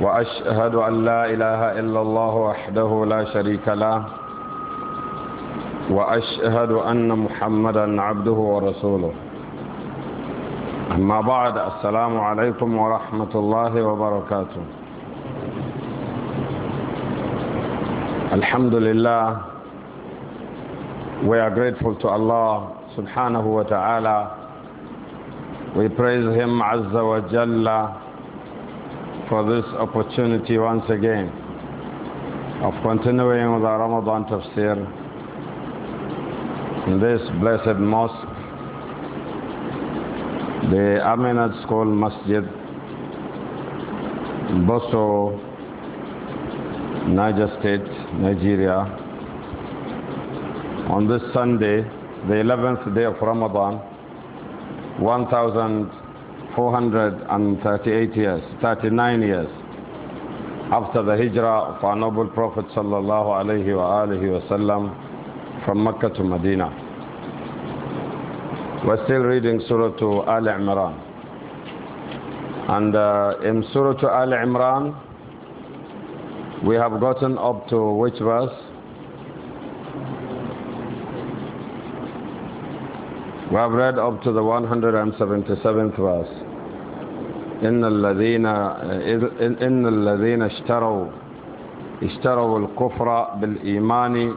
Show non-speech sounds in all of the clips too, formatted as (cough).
واشهد ان لا اله الا الله وحده لا شريك له واشهد ان محمدا عبده ورسوله اما بعد السلام عليكم ورحمه الله وبركاته الحمد لله we are grateful to Allah subhanahu wa ta'ala we praise him azza wa jalla for this opportunity once again of continuing with our Ramadan tafsir in this blessed mosque, the Aminat School Masjid, Boso, Niger State, Nigeria, on this Sunday, the 11th day of Ramadan, 1,000. 438 years, 39 years after the hijrah of our noble Prophet sallallahu alaihi wasallam from Mecca to Medina. We're still reading Surah Al Imran. And uh, in Surah Al Imran, we have gotten up to which verse? We have read up to the 177th verse. إن الذين إن الذين اشتروا اشتروا الكفر بالإيمان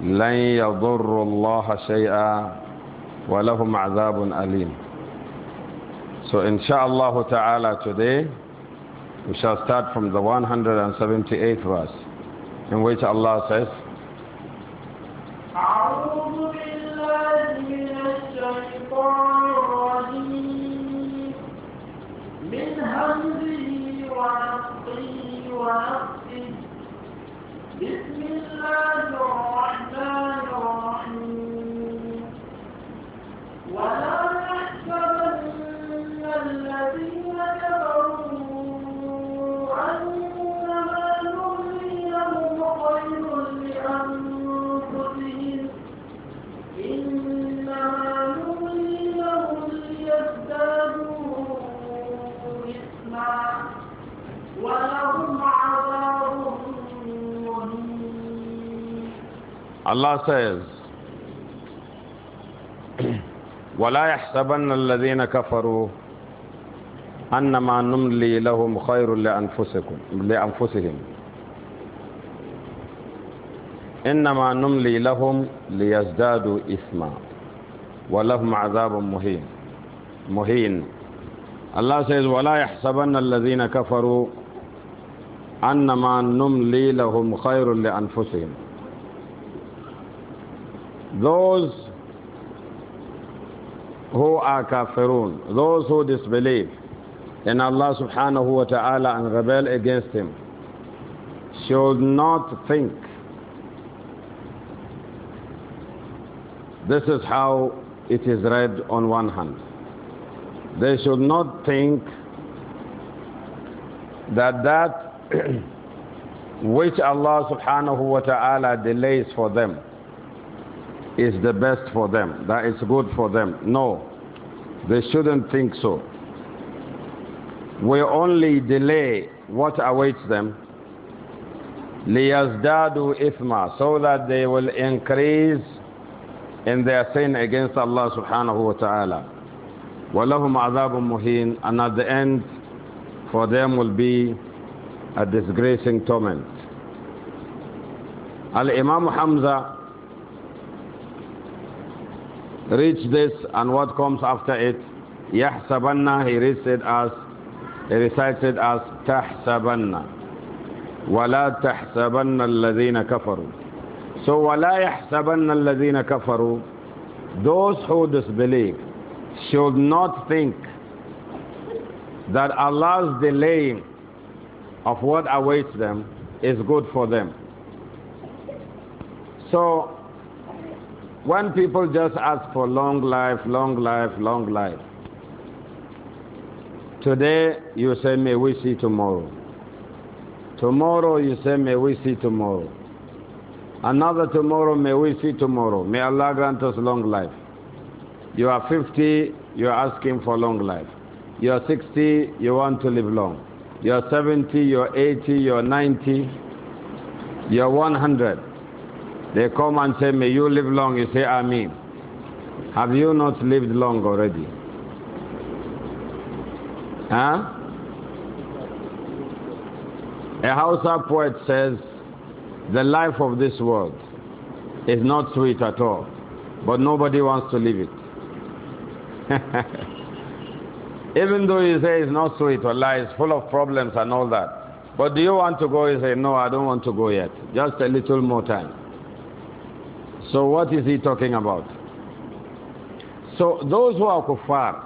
لن يضروا الله شيئا ولهم عذاب أليم So إن شاء الله تعالى today we shall start from the 178th verse in which Allah says Allah says, وَلَا يَحْسَبَنَّ الَّذِينَ كَفَرُوا أَنَّمَا نُمْلِي لَهُمْ خَيْرٌ لأنفسهم إنما نملي لهم ليزدادوا إثما ولهم عذاب مهين مهين Allah says ولا يحسبن الذين كفروا أنما نملي لهم خير لأنفسهم Those who are kafirun, those who disbelieve in Allah subhanahu wa ta'ala and rebel against Him, should not think This is how it is read on one hand. They should not think that that (clears throat) which Allah subhanahu wa ta'ala delays for them is the best for them, that is good for them. No, they shouldn't think so. We only delay what awaits them لِيَزْدَادُوا ifma, so that they will increase in their sin against Allah subhanahu wa ta'ala. وَلَهُمْ عَذَابٌ مُهِينٌ And at the end, for them will be a disgracing torment. Al-Imam Hamza Reach this and what comes after it, Yaḥṣabanna. he reads it as, he recites it as تحسبن. ولا تحسبن الذين كفروا. So ولا يحسبن الذين كفروا. Those who disbelieve should not think that Allah's delaying of what awaits them is good for them. So when people just ask for long life, long life, long life, today you say, may we see tomorrow. Tomorrow you say, may we see tomorrow. Another tomorrow, may we see tomorrow. May Allah grant us long life. You are 50, you are asking for long life. You are 60, you want to live long. You are 70, you are 80, you are 90, you are 100. They come and say, May you live long. You say, "Amen." Have you not lived long already? Huh? A Hausa poet says, The life of this world is not sweet at all, but nobody wants to live it. (laughs) Even though you say it's not sweet, Allah is full of problems and all that. But do you want to go? You say, No, I don't want to go yet. Just a little more time. So what is he talking about? So those who are kuffar,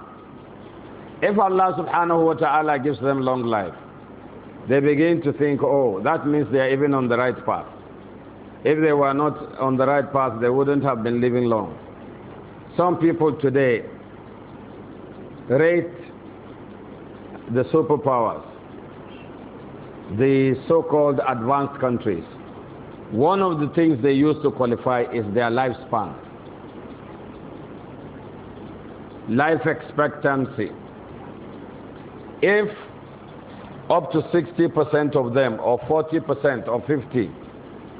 if Allah subhanahu wa ta'ala gives them long life, they begin to think, oh, that means they are even on the right path. If they were not on the right path, they wouldn't have been living long. Some people today rate the superpowers, the so-called advanced countries, one of the things they use to qualify is their lifespan. Life expectancy. If up to 60% of them, or 40%, or 50,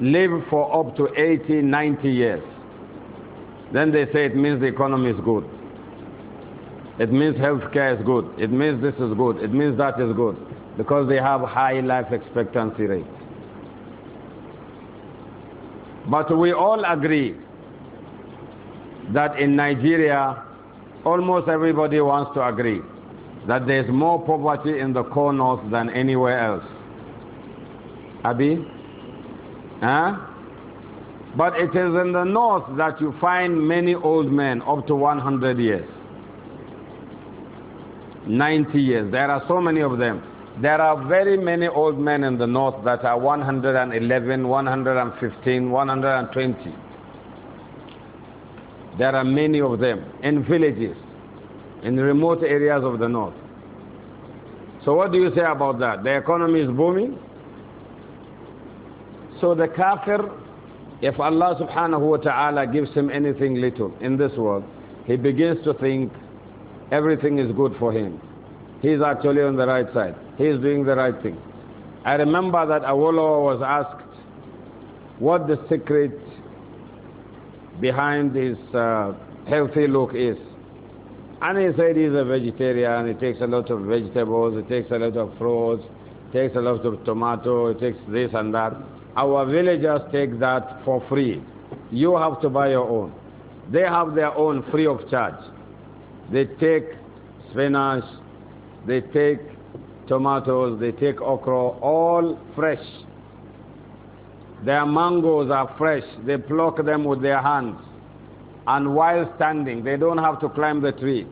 live for up to 80, 90 years, then they say it means the economy is good. It means healthcare is good. It means this is good. It means that is good. Because they have high life expectancy rate. But we all agree that in Nigeria, almost everybody wants to agree that there's more poverty in the core north than anywhere else. Abi? Huh? But it is in the north that you find many old men up to 100 years, 90 years. There are so many of them. There are very many old men in the north that are 111, 115, 120. There are many of them in villages, in remote areas of the north. So, what do you say about that? The economy is booming. So, the kafir, if Allah subhanahu wa ta'ala gives him anything little in this world, he begins to think everything is good for him. He's actually on the right side he is doing the right thing. I remember that Awolowo was asked what the secret behind his uh, healthy look is. And he said he's a vegetarian, he takes a lot of vegetables, he takes a lot of fruits, takes a lot of tomato, he takes this and that. Our villagers take that for free. You have to buy your own. They have their own free of charge. They take spinach, they take tomatoes, they take okra, all fresh. Their mangoes are fresh. They pluck them with their hands. And while standing, they don't have to climb the tree.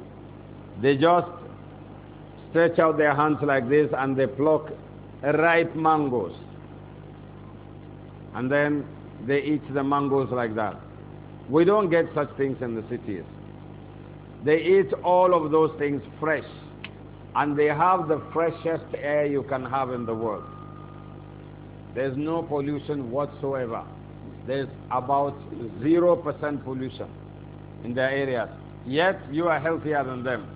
They just stretch out their hands like this and they pluck ripe mangoes. And then they eat the mangoes like that. We don't get such things in the cities. They eat all of those things fresh and they have the freshest air you can have in the world. There's no pollution whatsoever. There's about 0% pollution in their areas. Yet you are healthier than them.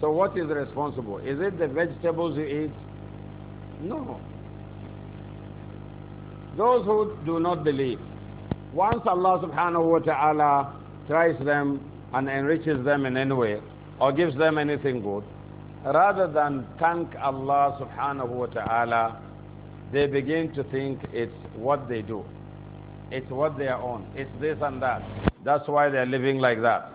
So what is responsible? Is it the vegetables you eat? No. Those who do not believe, once Allah subhanahu wa ta'ala tries them and enriches them in any way, or gives them anything good, rather than thank Allah subhanahu wa ta'ala, they begin to think it's what they do. It's what they own. It's this and that. That's why they're living like that.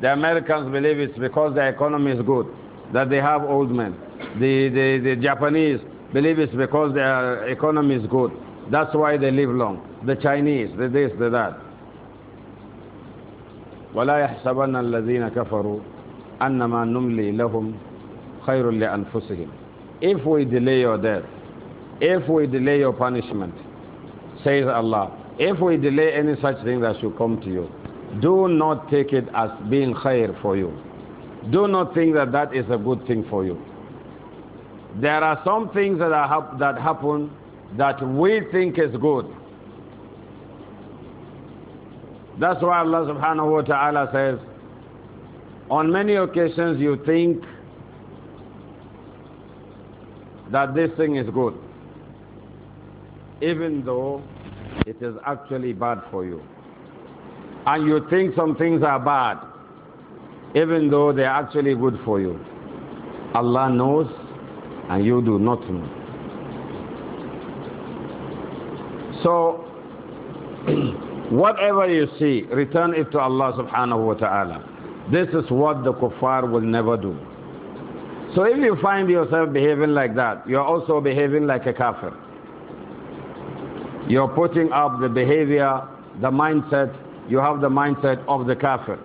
The Americans believe it's because their economy is good that they have old men. The, the, the Japanese believe it's because their economy is good. That's why they live long. The Chinese, the this, the that. ولا يحسبن الذين كفروا if we delay your death if we delay your punishment says Allah if we delay any such thing that should come to you do not take it as being khair for you do not think that that is a good thing for you there are some things that, are, that happen that we think is good that's why Allah subhanahu wa ta'ala says on many occasions, you think that this thing is good, even though it is actually bad for you. And you think some things are bad, even though they are actually good for you. Allah knows, and you do not know. So, (clears throat) whatever you see, return it to Allah subhanahu wa ta'ala. This is what the kuffar will never do. So if you find yourself behaving like that, you're also behaving like a kafir. You're putting up the behavior, the mindset, you have the mindset of the kafir.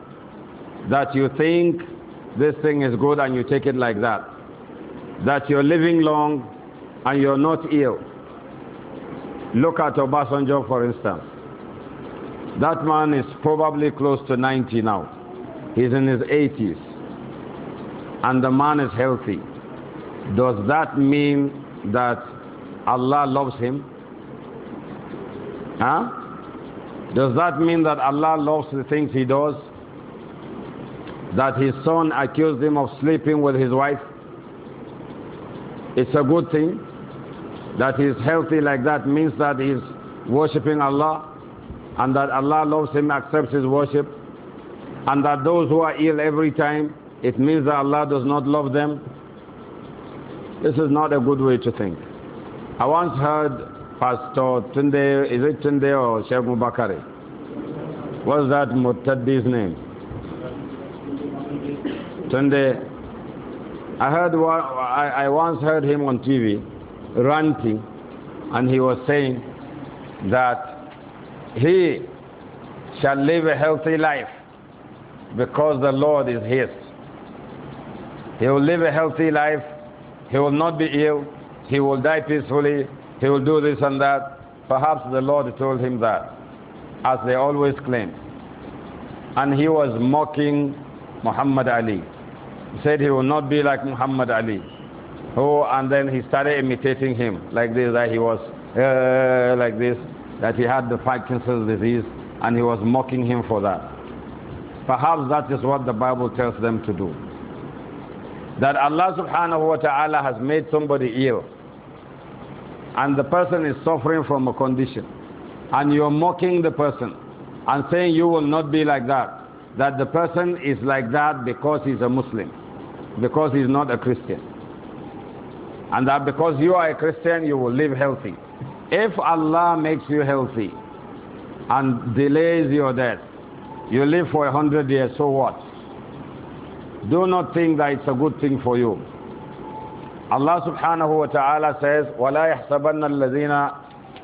That you think this thing is good and you take it like that. That you're living long and you're not ill. Look at Obasanjo, for instance. That man is probably close to 90 now. He's in his 80s. And the man is healthy. Does that mean that Allah loves him? Huh? Does that mean that Allah loves the things he does? That his son accused him of sleeping with his wife? It's a good thing. That he's healthy like that means that he's worshipping Allah and that Allah loves him, accepts his worship and that those who are ill every time, it means that Allah does not love them. This is not a good way to think. I once heard Pastor Tunde, is it Tunde or Sheikh Mubakari? What's that Mutaddi's name? Tunde. I heard I once heard him on TV ranting, and he was saying that he shall live a healthy life because the Lord is his. He will live a healthy life. He will not be ill. He will die peacefully. He will do this and that. Perhaps the Lord told him that, as they always claim. And he was mocking Muhammad Ali. He said he will not be like Muhammad Ali. Oh, and then he started imitating him like this, that he was uh, like this, that he had the Parkinson's disease, and he was mocking him for that. Perhaps that is what the Bible tells them to do. That Allah subhanahu wa ta'ala has made somebody ill and the person is suffering from a condition and you're mocking the person and saying you will not be like that. That the person is like that because he's a Muslim, because he's not a Christian. And that because you are a Christian, you will live healthy. If Allah makes you healthy and delays your death, you live for a hundred years, so what? Do not think that it's a good thing for you. Allah subhanahu wa ta'ala says, وَلَا يَحْسَبَنَّ الَّذِينَ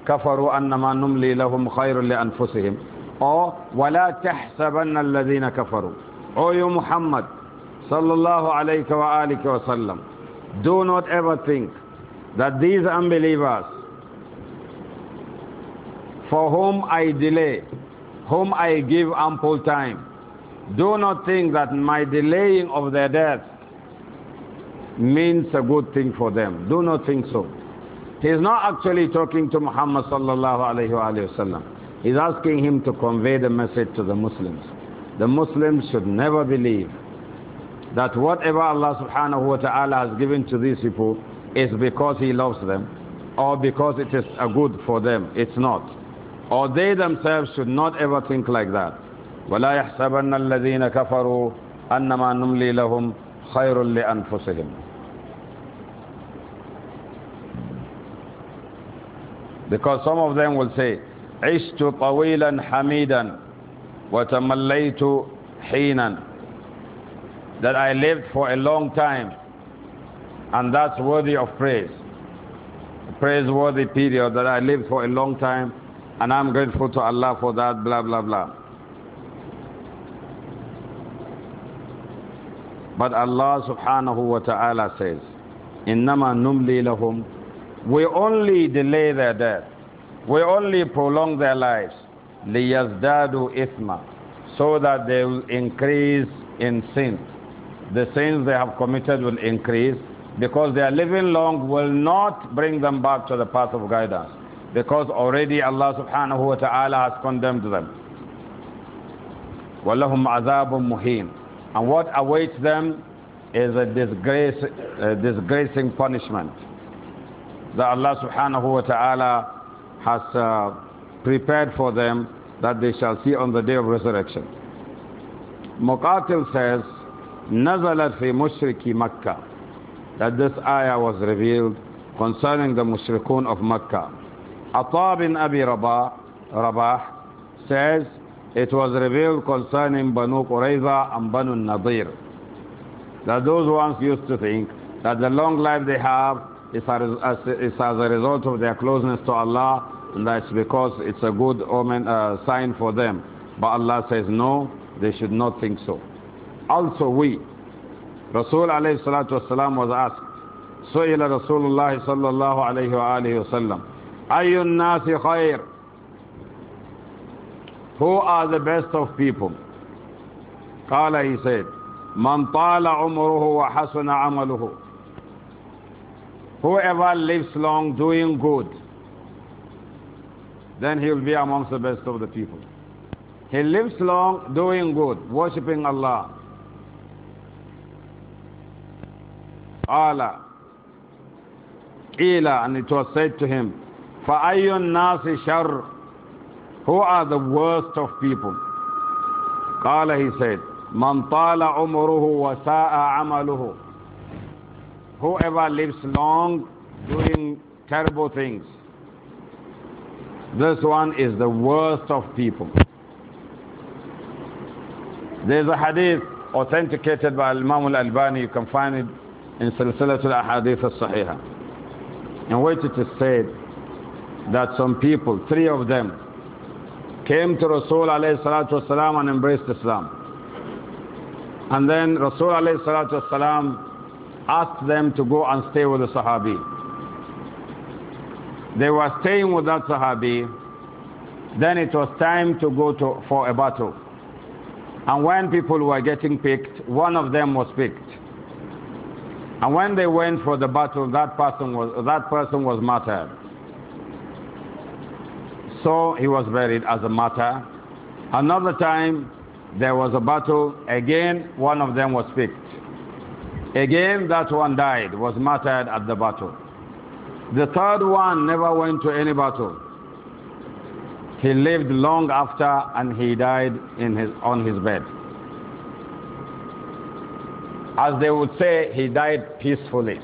كَفَرُوا أَنَّمَا نُمْلِي لَهُمْ خَيْرٌ لِأَنفُسِهِمْ Or, وَلَا تَحْسَبَنَّ الَّذِينَ كَفَرُوا O you Muhammad, sallallahu alayhi wa alihi wa sallam, do not ever think that these unbelievers for whom I delay whom I give ample time, do not think that my delaying of their death means a good thing for them. Do not think so. He's not actually talking to Muhammad sallallahu alayhi wa sallam. He's asking him to convey the message to the Muslims. The Muslims should never believe that whatever Allah subhanahu wa ta'ala has given to these people is because He loves them or because it is a good for them. It's not. Or they themselves should not ever think like that. وَلَا يَحْسَبَنَّ الَّذِينَ كَفَرُوا أَنَّمَا نُمْلِي لَهُمْ خَيْرٌ لِأَنفُسِهِمْ Because some of them will say, عِشْتُ طَوِيلًا حَمِيدًا وَتَمَلَّيْتُ حِينًا That I lived for a long time and that's worthy of praise. Praiseworthy period that I lived for a long time and I'm grateful to Allah for that, blah, blah, blah. But Allah subhanahu wa ta'ala says, Innama numli lahum. We only delay their death. We only prolong their lives. Liyazdadu ithma. So that they will increase in sin. The sins they have committed will increase because their living long will not bring them back to the path of guidance because already Allah subhanahu wa ta'ala has condemned them. وَلَهُمْ عَذَابٌ مُهِينٌ And what awaits them is a, disgrace, a disgracing punishment that Allah subhanahu wa ta'ala has uh, prepared for them that they shall see on the day of resurrection. Muqatil says, نَزَلَتْ fi مُشْرِكِ Makkah, That this ayah was revealed concerning the mushrikun of Makkah. Atta bin Abi Rabah, Rabah says, it was revealed concerning Banu Qurayza and Banu Nadir. That those ones used to think that the long life they have is as, a result of their closeness to Allah, and that's because it's a good omen uh, sign for them. But Allah says, no, they should not think so. Also we, Rasul was asked, سئل رسول الله صلى الله عليه وآله وسلم Ayun nasi khair. Who are the best of people? Qala, he said, Man tala umruhu wa hasuna amaluhu. Whoever lives long doing good, then he will be amongst the best of the people. He lives long doing good, worshipping Allah. Allah. Ila, and it was said to him, فَأَيُّ النَّاسِ شَرْ Who are the worst of people? قال he said من طال عمره وساء عمله Whoever lives long doing terrible things This one is the worst of people There's a hadith authenticated by Imam al-Albani You can find it in Silsilatul Hadith al-Sahihah In which it is said that some people, three of them, came to Rasul alayhi and embraced Islam. And then Rasul alayhi asked them to go and stay with the Sahabi. They were staying with that Sahabi. Then it was time to go to, for a battle. And when people were getting picked, one of them was picked. And when they went for the battle, that person was, that person was martyred so he was buried as a martyr. Another time, there was a battle. Again, one of them was picked. Again, that one died, was martyred at the battle. The third one never went to any battle. He lived long after and he died in his, on his bed. As they would say, he died peacefully.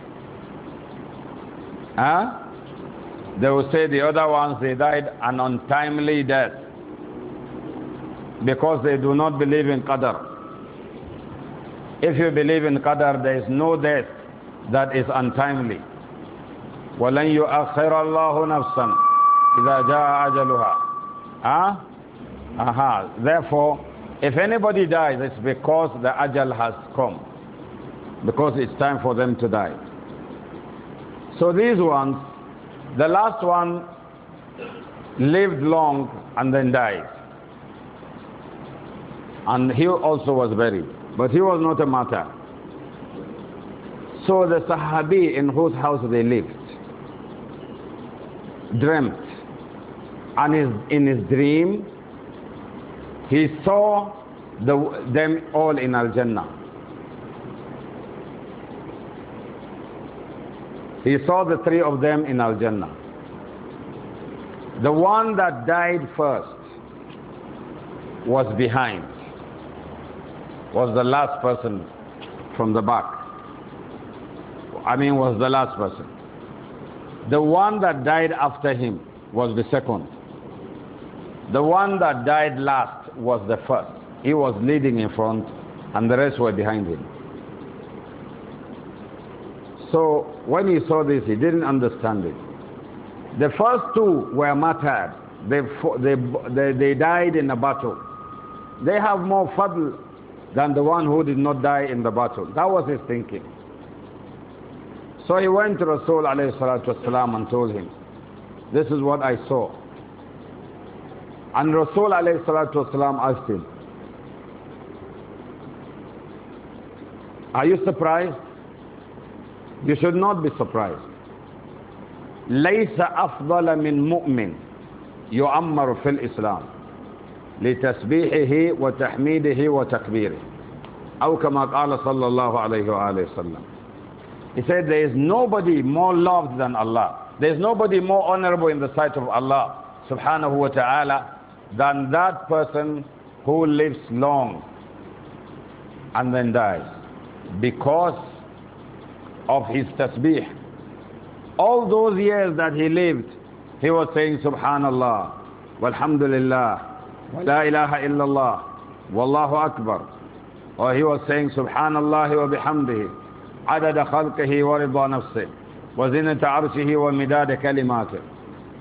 Huh? They will say the other ones, they died an untimely death because they do not believe in Qadr. If you believe in Qadr, there is no death that is untimely. ولن يؤخر الله Nafsan, إذا جاء ajaluha, ah, Aha. Therefore, if anybody dies, it's because the ajal has come. Because it's time for them to die. So these ones, the last one lived long and then died. And he also was buried. But he was not a martyr. So the Sahabi in whose house they lived dreamt. And in his dream, he saw the, them all in Al Jannah. He saw the three of them in Al Jannah. The one that died first was behind, was the last person from the back. I mean, was the last person. The one that died after him was the second. The one that died last was the first. He was leading in front, and the rest were behind him. So when he saw this, he didn't understand it. The first two were martyred. They, they, they, died in a battle. They have more fadl than the one who did not die in the battle. That was his thinking. So he went to Rasul والسلام, and told him, This is what I saw. And Rasul والسلام, asked him, Are you surprised? You should not be surprised. ليس أفضل من مؤمن يؤمر في الإسلام لتسبيحه وتحميده وتكبيره أو كما قال صلى الله عليه وآله وسلم He said there is nobody more loved than Allah. There is nobody more honorable in the sight of Allah subhanahu wa ta'ala than that person who lives long and then dies because of his tasbih. All those years that he lived, he was saying subhanallah, walhamdulillah, wa la ilaha illallah, wallahu akbar. Or he was saying subhanallah wa bihamdihi, adada khalqihi wa rida nafsih, wa zinata arshihi wa midada kalimatih.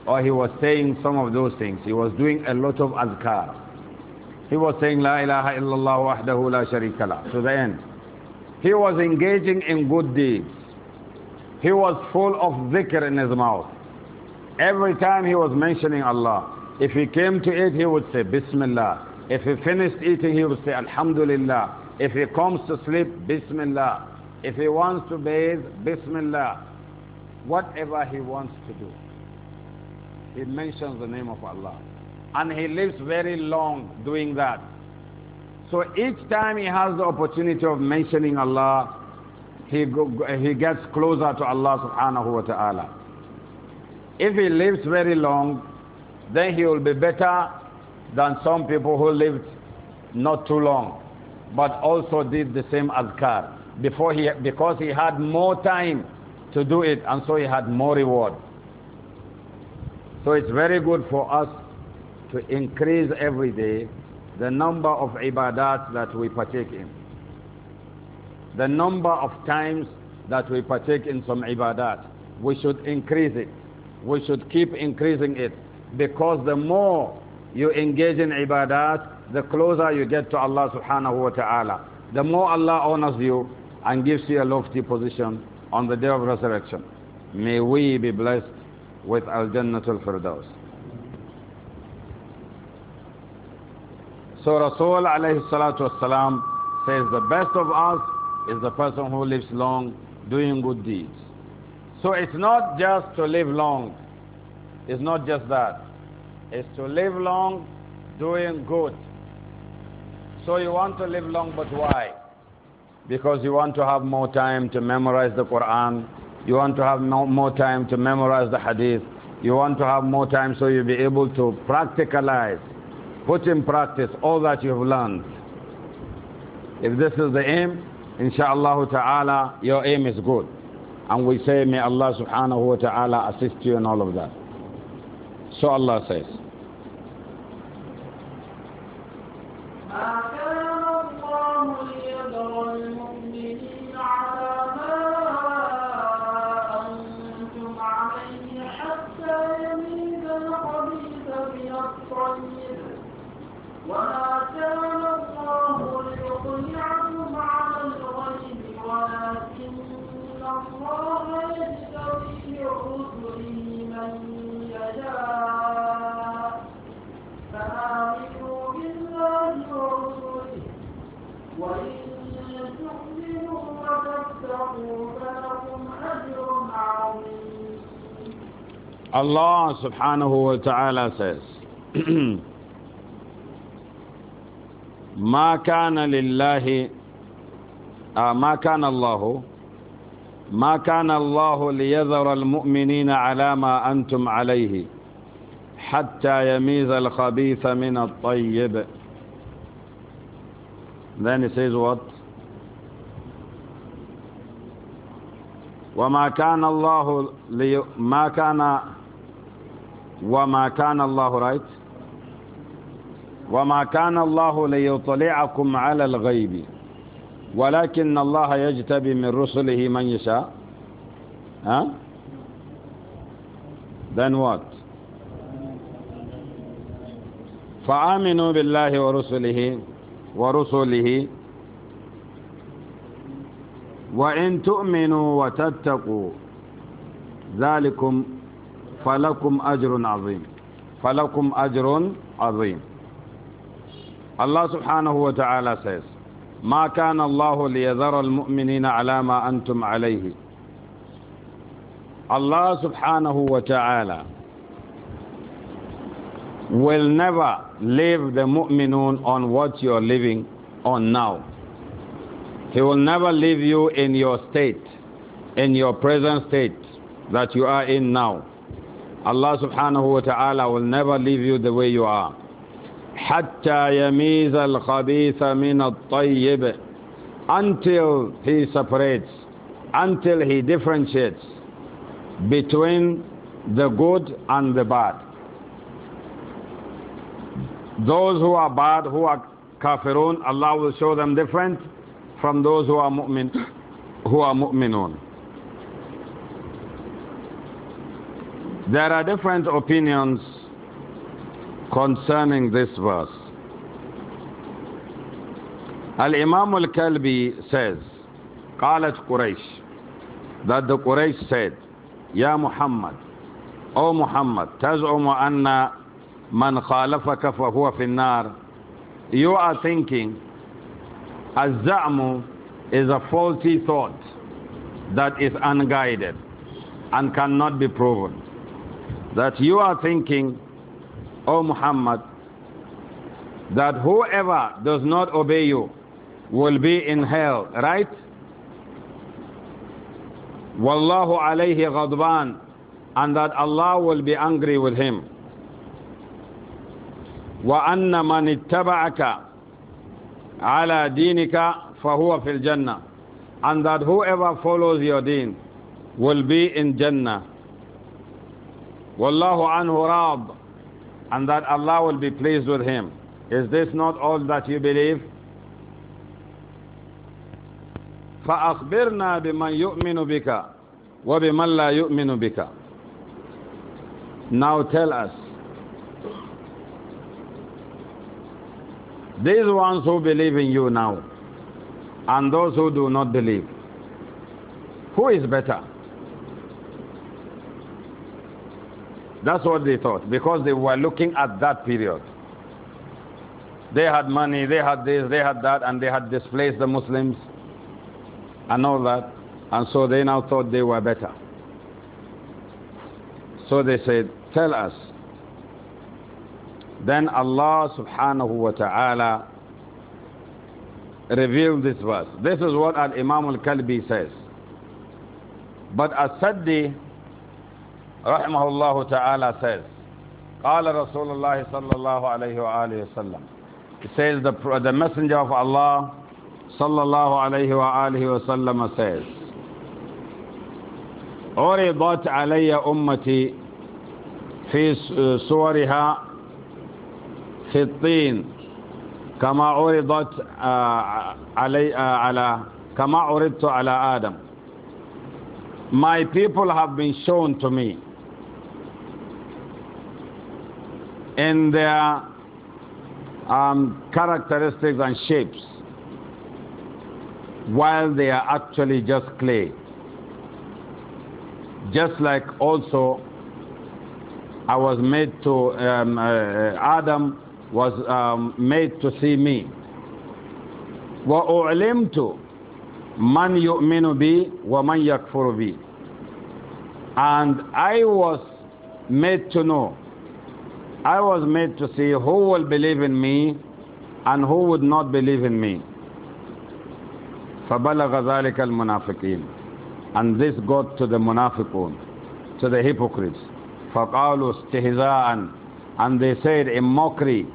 Or he was saying some of those things. He was doing a lot of azkar. He was saying la ilaha illallah wahdahu la sharika la. To the end. He was engaging in good deeds he was full of zikr in his mouth. Every time he was mentioning Allah, if he came to eat, he would say, Bismillah. If he finished eating, he would say, Alhamdulillah. If he comes to sleep, Bismillah. If he wants to bathe, Bismillah. Whatever he wants to do, he mentions the name of Allah. And he lives very long doing that. So each time he has the opportunity of mentioning Allah, he, he gets closer to Allah subhanahu wa ta'ala. If he lives very long, then he will be better than some people who lived not too long, but also did the same azkar before he, because he had more time to do it, and so he had more reward. So it's very good for us to increase every day the number of ibadat that we partake in the number of times that we partake in some ibadat. We should increase it. We should keep increasing it. Because the more you engage in ibadat, the closer you get to Allah subhanahu wa ta'ala. The more Allah honors you and gives you a lofty position on the day of resurrection. May we be blessed with Al-Jannatul Firdaus. So Rasul alayhi salatu wasalam says the best of us is the person who lives long doing good deeds. So it's not just to live long. It's not just that. It's to live long doing good. So you want to live long, but why? Because you want to have more time to memorize the Quran. You want to have more time to memorize the Hadith. You want to have more time so you'll be able to practicalize, put in practice all that you've learned. If this is the aim, Insha'Allah ta'ala, your aim is good. And we say, may Allah subhanahu wa ta'ala assist you in all of that. So Allah says. Uh, Allah subhanahu wa ta'ala says, (clears throat) ما كان لله آه، ما كان الله ما كان الله ليذر المؤمنين على ما أنتم عليه حتى يميز الخبيث من الطيب Then he says what? وما كان الله لي... ما كان الله وما كان الله رايت وما كان الله ليطلعكم على الغيب ولكن الله يجتبي من رسله من يشاء ها then what فآمنوا بالله ورسله ورسله وإن تؤمنوا وتتقوا ذلكم فَلَكُمْ أَجْرٌ عَظِيمٌ فَلَكُمْ أَجْرٌ عَظِيمٌ Allah subhanahu wa ta'ala says, مَا كَانَ اللَّهُ لِيَذَرَ الْمُؤْمِنِينَ عَلَى مَا أَنْتُمْ عَلَيْهِ Allah subhanahu wa ta'ala will never leave the mu'minun on what you're living on now. He will never leave you in your state, in your present state that you are in now. Allah subhanahu wa ta'ala will never leave you the way you are. حتى يميز الخبيث من الطيب until he separates until he differentiates between the good and the bad those who are bad who are kafirun Allah will show them different from those who are mu'min who are mu'minun There are different opinions concerning this verse. Al-Imam al-Kalbi says, "Qalat Quraysh, that the Quraysh said, Ya Muhammad, O Muhammad, تزعم anna man خالفك فهو في النار. You are thinking, "Al-Zam"u is a faulty thought that is unguided and cannot be proven that you are thinking, O Muhammad, that whoever does not obey you will be in hell, right? Wallahu alayhi ghadban, and that Allah will be angry with him. وأن من اتبعك على دينك فهو and that whoever follows your deen will be in Jannah Wallahu anhu rab. And that Allah will be pleased with him. Is this not all that you believe? فأخبرنا بمن يؤمن بك وبمن لا يؤمن بك Now tell us These ones who believe in you now and those who do not believe Who is better? That's what they thought because they were looking at that period. They had money, they had this, they had that, and they had displaced the Muslims and all that. And so they now thought they were better. So they said, Tell us. Then Allah subhanahu wa ta'ala revealed this verse. This is what Al Imam al Kalbi says. But As Saddi رحمه الله تعالى says قال رسول الله صلى الله عليه وآله وسلم He says the, the messenger of Allah صلى الله عليه وآله وسلم says عرضت علي أمتي في صورها في الطين كما عرضت علي على كما عرضت على آدم My people have been shown to me in their um, characteristics and shapes while they are actually just clay. Just like also I was made to, um, uh, uh, Adam was um, made to see me. وَأُعْلِمْتُ مَنْ يُؤْمِنُ بِي وَمَنْ يَكْفُرُ بِي And I was made to know I was made to see who will believe in me and who would not believe in me. فَبَلَغَ ذَلِكَ الْمُنَافِقِينَ And this got to the munafiqun, to the hypocrites. فَقَالُوا اسْتِهْزَاءً And they said in mockery,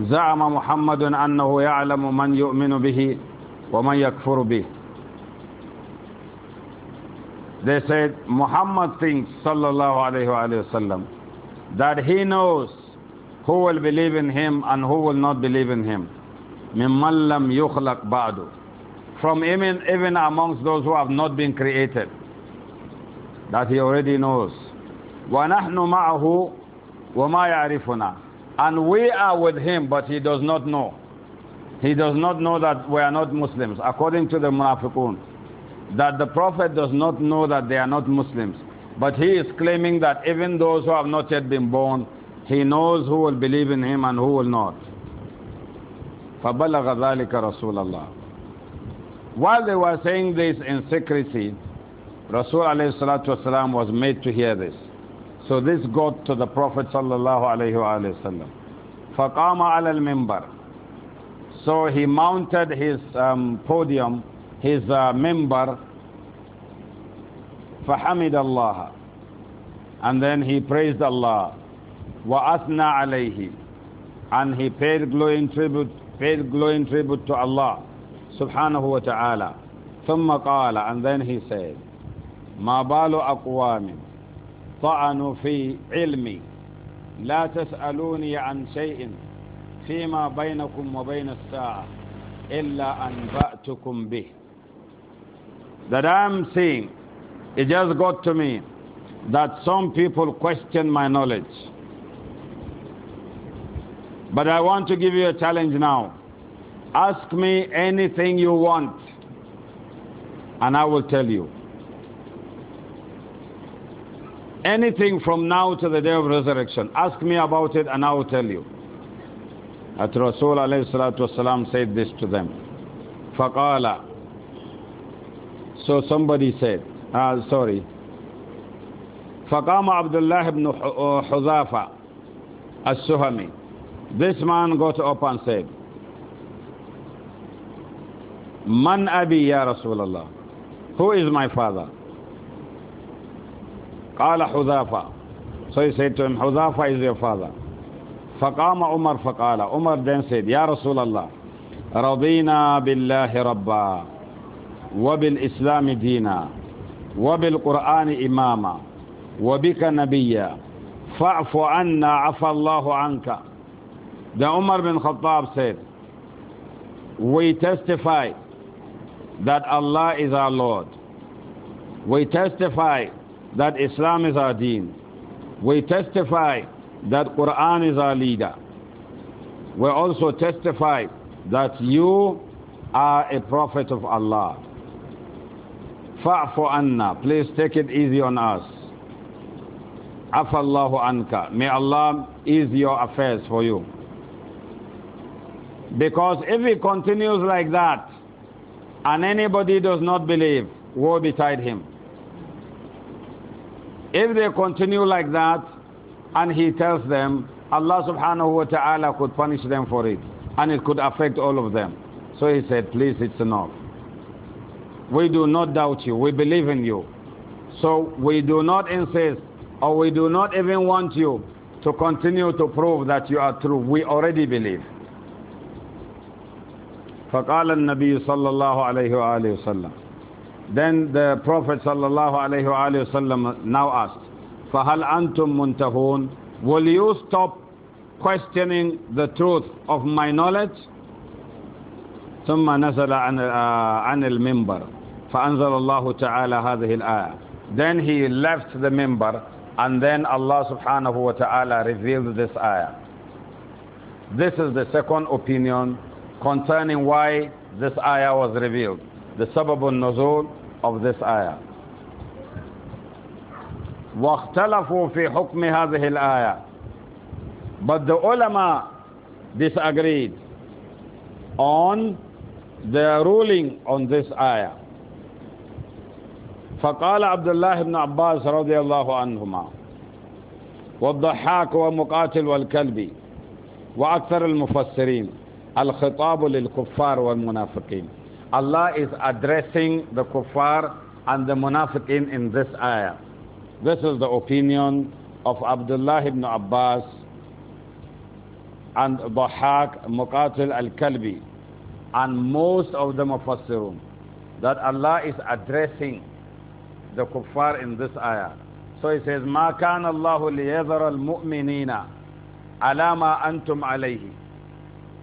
زعم محمد أنه يعلم من يؤمن به ومن يكفر به They said, Muhammad thinks, sallallahu alayhi wa sallam, that he knows who will believe in him and who will not believe in him. مِمَّنْ لَمْ badu. From even, even amongst those who have not been created, that he already knows. Wa maahu wa ma يَعْرِفُنَا And we are with him, but he does not know. He does not know that we are not Muslims, according to the Munafiqun. That the Prophet does not know that they are not Muslims. But he is claiming that even those who have not yet been born, he knows who will believe in him and who will not. فَبَلَغَ ذَلِكَ رَسُولَ اللَّهِ While they were saying this in secrecy, Rasul والسلام, was made to hear this. So this got to the Prophet sallallahu alaihi wasallam. sallam. فَقَامَ عَلَى الْمِنْبَرِ So he mounted his um, podium, his uh, member, فحمد الله and then he praised Allah وأثنى عليه and he paid glowing tribute paid glowing tribute to Allah سبحانه وتعالى. ثم قال and then he said ما بال أقوام طعنوا في علمي لا تسألوني عن شيء فيما بينكم وبين الساعة إلا أنبأتكم به that I'm saying it just got to me that some people question my knowledge. But I want to give you a challenge now. Ask me anything you want, and I will tell you. Anything from now to the day of resurrection, ask me about it, and I will tell you. At Rasul والسلام, said this to them. Faqala. So somebody said, آه سوري فقام عبد الله بن آه، حذافة السهمي this man got up and said من أبي يا رسول الله who is my father قال حذافة so he said to him حذافة is your father فقام عمر فقال عمر then said يا رسول الله رضينا بالله ربا وبالإسلام دينا وبالقرآن إماما وبك نبيا فاعف عنا عفى الله عنك The Umar bin Khattab said, We testify that Allah is our Lord. We testify that Islam is our deen. We testify that Quran is our leader. We also testify that you are a prophet of Allah. Fa'fu anna. Please take it easy on us. Afallahu anka. May Allah ease your affairs for you. Because if it continues like that, and anybody does not believe, woe betide him. If they continue like that, and he tells them, Allah subhanahu wa ta'ala could punish them for it, and it could affect all of them. So he said, please, it's enough. We do not doubt you. We believe in you. So we do not insist or we do not even want you to continue to prove that you are true. We already believe. فقال النبي صلى الله عليه وآله وسلم Then the Prophet صلى الله عليه وآله وسلم now asked فهل أنتم منتهون Will you stop questioning the truth of my knowledge? ثم نزل عن عن المنبر فأنزل الله تعالى هذه الآية. Then he left the member and then Allah subhanahu wa ta'ala revealed this ayah. This is the second opinion concerning why this ayah was revealed. The sababun nuzul of this ayah. واختلفوا في حكم هذه الآية but the ulama disagreed on the ruling on this ayah فقال عبد الله بن عباس رضي الله عنهما والضحاك ومقاتل والكلبي وأكثر المفسرين الخطاب للكفار والمنافقين Allah is addressing the kuffar and the munafiqin in this ayah. This is the opinion of Abdullah ibn Abbas and Bahak Muqatil al-Kalbi and most of the Mufassirun that Allah is addressing the kuffar in this ayah. So he says, مَا كَانَ اللَّهُ لِيَذَرَ الْمُؤْمِنِينَ عَلَى مَا أَنْتُمْ عَلَيْهِ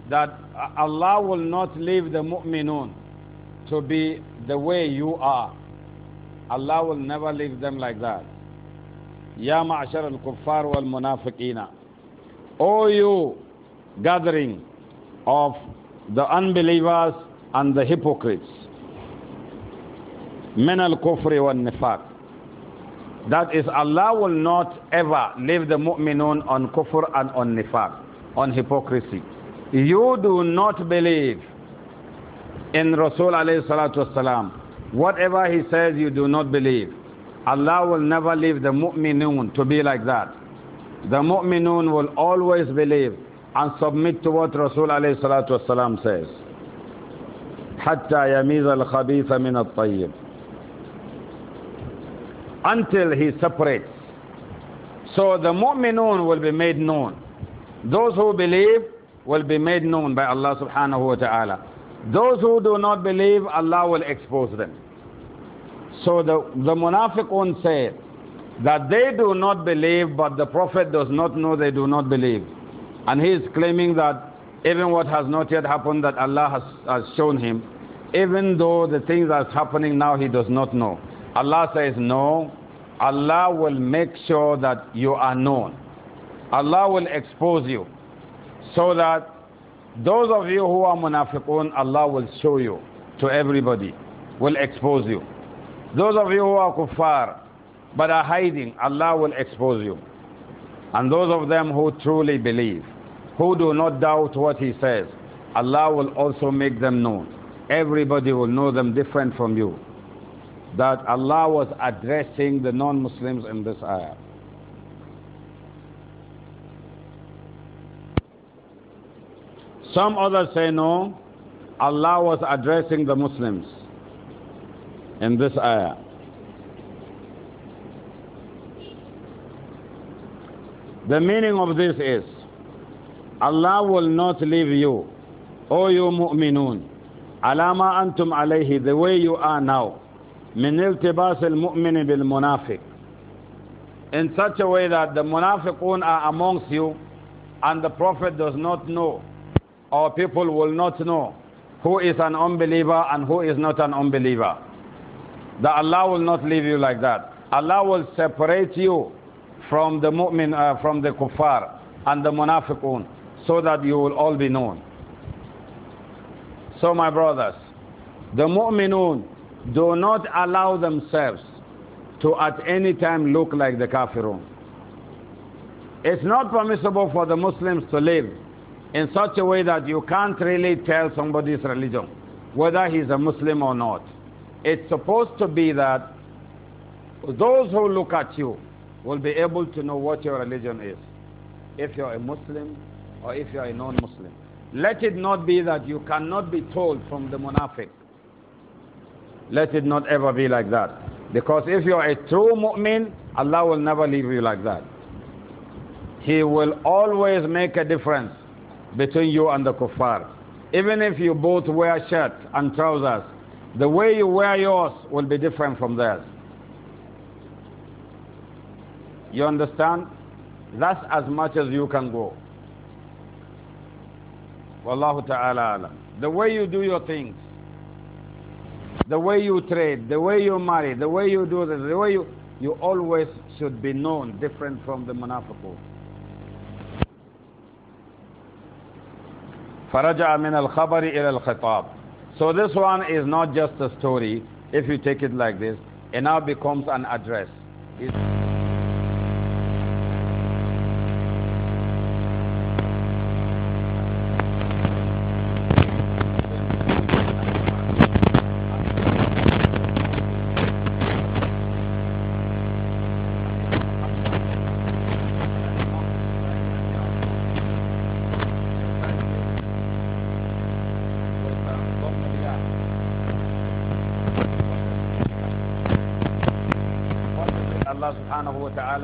That Allah will not leave the mu'minun to be the way you are. Allah will never leave them like that. يَا مَعْشَرَ الْكُفَّارِ وَالْمُنَافِقِينَ O you gathering of the unbelievers and the hypocrites min al-kufri That is, Allah will not ever leave the mu'minun on kufr and on nifaq, on hypocrisy. You do not believe in Rasul alayhi salatu wasalam. Whatever he says, you do not believe. Allah will never leave the mu'minun to be like that. The mu'minun will always believe and submit to what Rasul alayhi salatu wasalam says. حتى يميز الخبيث من الطيب until he separates. So the mu'minun will be made known. Those who believe will be made known by Allah subhanahu wa ta'ala. Those who do not believe, Allah will expose them. So the, the munafiqun say that they do not believe, but the Prophet does not know they do not believe. And he is claiming that even what has not yet happened that Allah has, has shown him, even though the things that's happening now he does not know. Allah says, No, Allah will make sure that you are known. Allah will expose you so that those of you who are munafiqun, Allah will show you to everybody, will expose you. Those of you who are kuffar but are hiding, Allah will expose you. And those of them who truly believe, who do not doubt what He says, Allah will also make them known. Everybody will know them different from you that Allah was addressing the non-Muslims in this ayah. Some others say no, Allah was addressing the Muslims in this ayah. The meaning of this is Allah will not leave you, O you mu'minun, alama antum alayhi, the way you are now. من التباس المؤمن بالمنافق in such a way that the munafiqun are amongst you and the prophet does not know or people will not know who is an unbeliever and who is not an unbeliever that Allah will not leave you like that Allah will separate you from the mu'min uh, from the kuffar and the munafiqun so that you will all be known so my brothers the mu'minun do not allow themselves to at any time look like the kafirun. It's not permissible for the Muslims to live in such a way that you can't really tell somebody's religion, whether he's a Muslim or not. It's supposed to be that those who look at you will be able to know what your religion is, if you're a Muslim or if you're a non-Muslim. Let it not be that you cannot be told from the munafiq let it not ever be like that. Because if you are a true mu'min, Allah will never leave you like that. He will always make a difference between you and the kuffar. Even if you both wear shirt and trousers, the way you wear yours will be different from theirs. You understand? That's as much as you can go. Wallahu ta'ala alam. The way you do your things, the way you trade, the way you marry, the way you do this, the way you, you always should be known different from the munafiqun. فرجع من الخبر إلى الخطاب. So this one is not just a story. If you take it like this, it now becomes an address. It's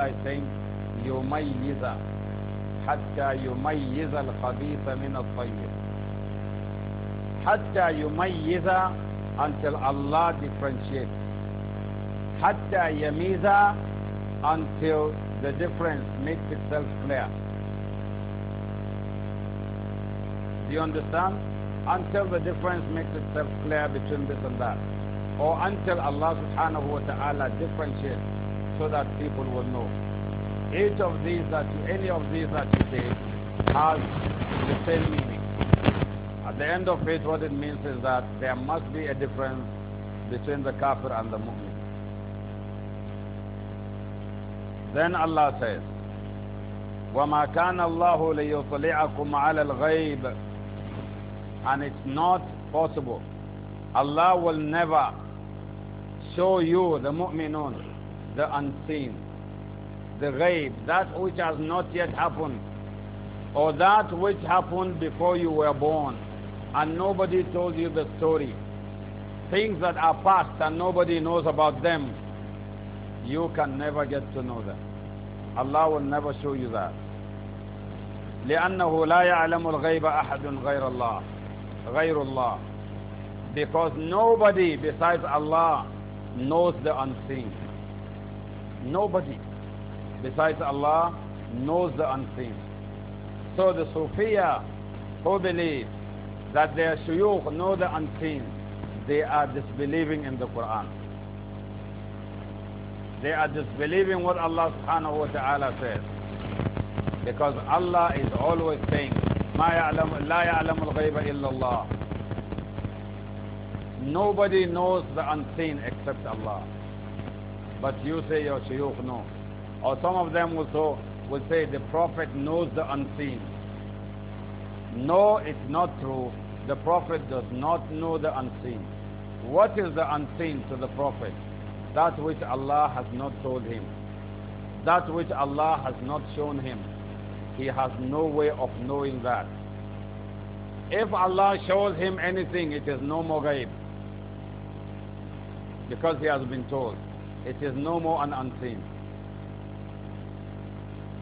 Allah is saying, يُمَيِّزَ al يُمَيِّزَ الْخَبِيثَ مِنَ الطَّيِّبِ حَتَّى يُمَيِّزَ until Allah differentiates. Hatta yamiza until the difference makes itself clear. Do you understand? Until the difference makes itself clear between this and that. Or until Allah subhanahu wa ta'ala differentiates so that people will know. Each of these that you, any of these that you say has the same meaning. At the end of it, what it means is that there must be a difference between the kafir and the mu'min. Then Allah says, وَمَا كَانَ اللَّهُ لِيُطْلِعَكُمْ عَلَى الْغَيْبِ And it's not possible. Allah will never show you the mu'minun the unseen, the ghaib, that which has not yet happened, or that which happened before you were born and nobody told you the story. Things that are past and nobody knows about them, you can never get to know them. Allah will never show you that. لأنه لا يعلم الغيب أحد غير الله غير الله because nobody besides Allah knows the unseen. Nobody besides Allah knows the unseen. So the Sufiya who believe that their shuyukh know the unseen, they are disbelieving in the Quran. They are disbelieving what Allah subhanahu wa ta'ala says. Because Allah is always saying, لا يعلم الغيب إلا الله. Nobody knows the unseen except Allah. But you say your shuyukh no. Or some of them also will say the Prophet knows the unseen. No, it's not true. The Prophet does not know the unseen. What is the unseen to the Prophet? That which Allah has not told him. That which Allah has not shown him. He has no way of knowing that. If Allah shows him anything, it is no more ghaib. Because he has been told. It is no more an unseen.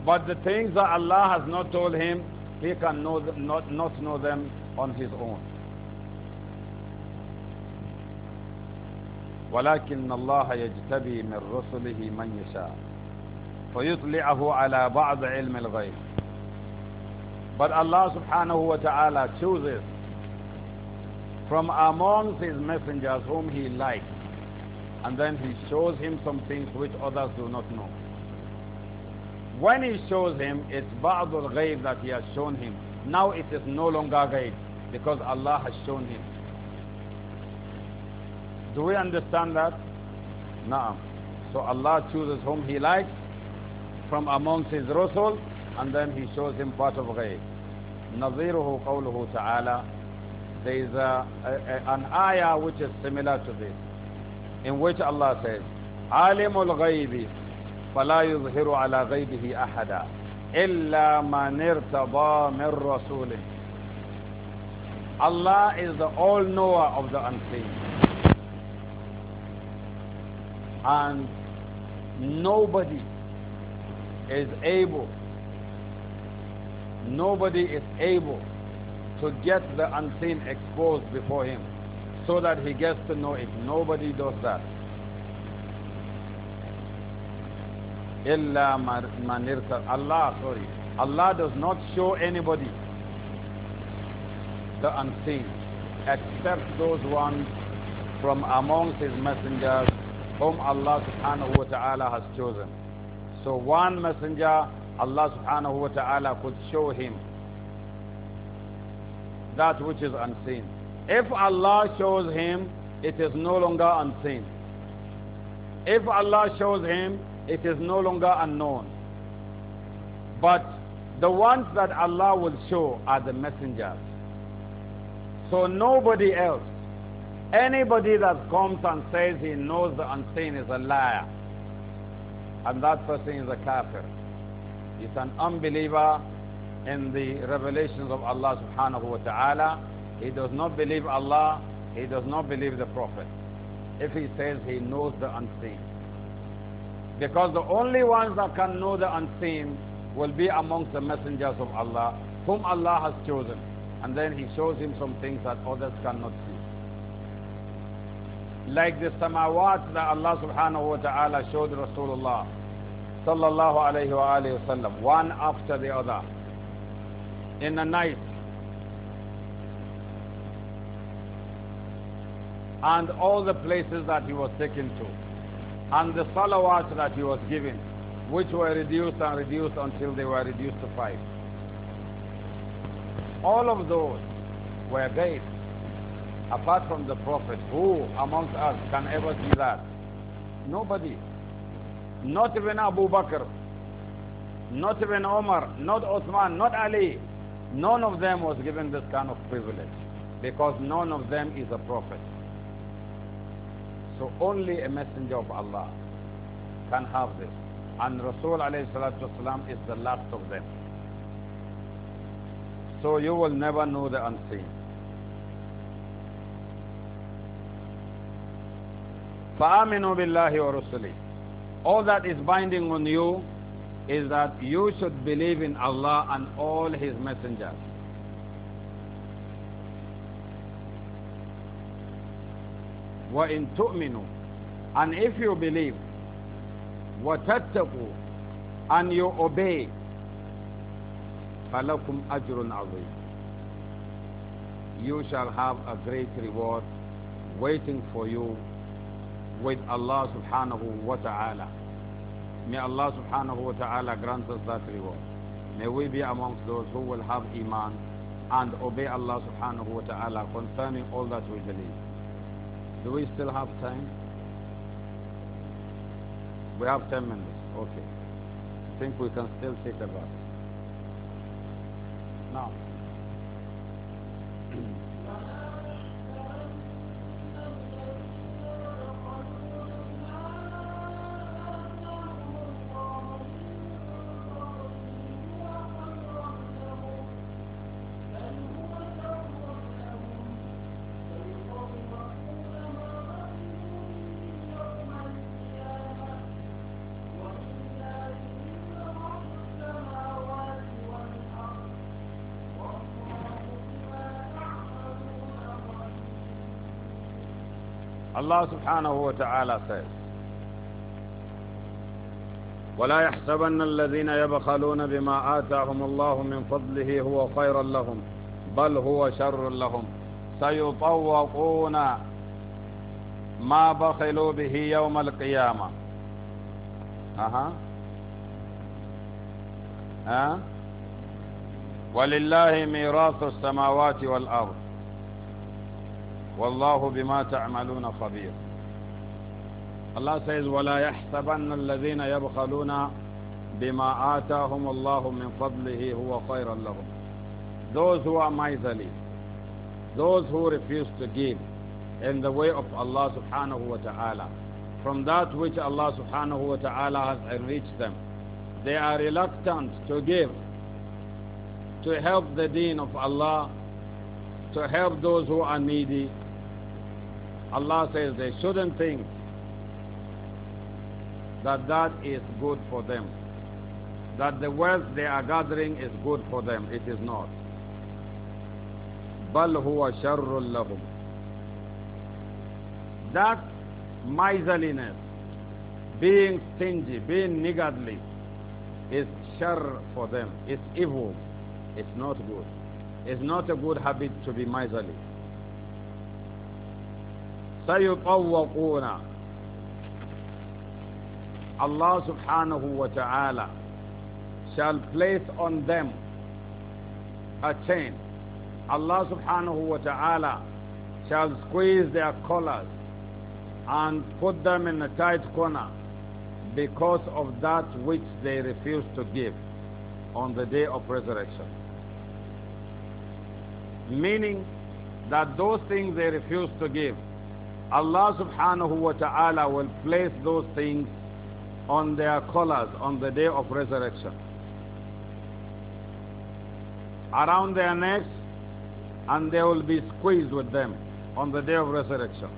But the things that Allah has not told him, he can know not, not know them on his own. ولكن الله يجتبي من رسله من يشاء فيطلعه على بعض علم الغيب But Allah subhanahu wa ta'ala chooses from amongst his messengers whom he likes and then he shows him some things which others do not know. When he shows him, it's ba al-Ghaib that he has shown him. Now it is no longer Ghaib because Allah has shown him. Do we understand that? Naam. So Allah chooses whom He likes from amongst His Rasul and then He shows him part of Ghaib. نظيره قوله تعالى There is a, a, an ayah which is similar to this in which Allah says, Alimul ghaybi, فَلَا يُظْهِرُ عَلَى غَيْبِهِ أَحَدًا illa man irtaba min رَسُولٍ Allah is the all-knower of the unseen. And nobody is able, nobody is able to get the unseen exposed before him so that he gets to know it. Nobody does that. إِلَّا Allah, sorry. Allah does not show anybody the unseen except those ones from amongst his messengers whom Allah subhanahu wa ta'ala has chosen. So one messenger Allah subhanahu wa ta'ala could show him that which is unseen. If Allah shows him, it is no longer unseen. If Allah shows him, it is no longer unknown. But the ones that Allah will show are the messengers. So nobody else, anybody that comes and says he knows the unseen is a liar. And that person is a kafir. He's an unbeliever in the revelations of Allah subhanahu wa ta'ala he does not believe Allah. He does not believe the Prophet. If he says he knows the unseen. Because the only ones that can know the unseen will be amongst the messengers of Allah, whom Allah has chosen. And then he shows him some things that others cannot see. Like the samawat that Allah subhanahu wa ta'ala showed Rasulullah sallallahu alayhi wa alayhi wa sallam, one after the other. In the night, and all the places that he was taken to and the salawat that he was given which were reduced and reduced until they were reduced to five. All of those were based apart from the Prophet. Who amongst us can ever see that? Nobody. Not even Abu Bakr. Not even Omar. Not Osman. Not Ali. None of them was given this kind of privilege because none of them is a prophet. So only a messenger of Allah can have this. And Rasul والسلام, is the last of them. So you will never know the unseen. فَآمِنُوا بِاللَّهِ وَرُسُلِهِ All that is binding on you is that you should believe in Allah and all His messengers. وَإِن تُؤْمِنُوا And if you believe, وَتَتَّقُوا And you obey, فَلَكُمْ أَجْرٌ عَظِيمٌ You shall have a great reward waiting for you with Allah subhanahu wa ta'ala. May Allah subhanahu wa ta'ala grant us that reward. May we be amongst those who will have iman and obey Allah subhanahu wa ta'ala concerning all that we believe. Do we still have time? We have 10 minutes. Okay. I think we can still take a bus. Now. الله سبحانه وتعالى says ولا يحسبن الذين يبخلون بما آتاهم الله من فضله هو خيرا لهم بل هو شر لهم سيطوقون ما بخلوا به يوم القيامة أها أه؟ ولله ميراث السماوات والأرض والله بما تعملون خبير Allah says ولا يحسبن الذين يبخلون بما آتاهم الله من فضله هو خيرا لهم those who are miserly those who refuse to give in the way of Allah subhanahu wa ta'ala from that which Allah subhanahu wa ta'ala has enriched them they are reluctant to give to help the deen of Allah to help those who are needy Allah says they shouldn't think that that is good for them. That the wealth they are gathering is good for them. It is not. بَلْ هُوَ شَرٌّ لَهُمْ That miserliness, being stingy, being niggardly, is shar for them. It's evil. It's not good. It's not a good habit to be miserly. سيطوقون Allah subhanahu wa ta'ala shall place on them a chain. Allah subhanahu wa ta'ala shall squeeze their collars and put them in a tight corner because of that which they refuse to give on the day of resurrection. Meaning that those things they refuse to give Allah subhanahu wa ta'ala will place those things on their collars on the day of resurrection. Around their necks and they will be squeezed with them on the day of resurrection.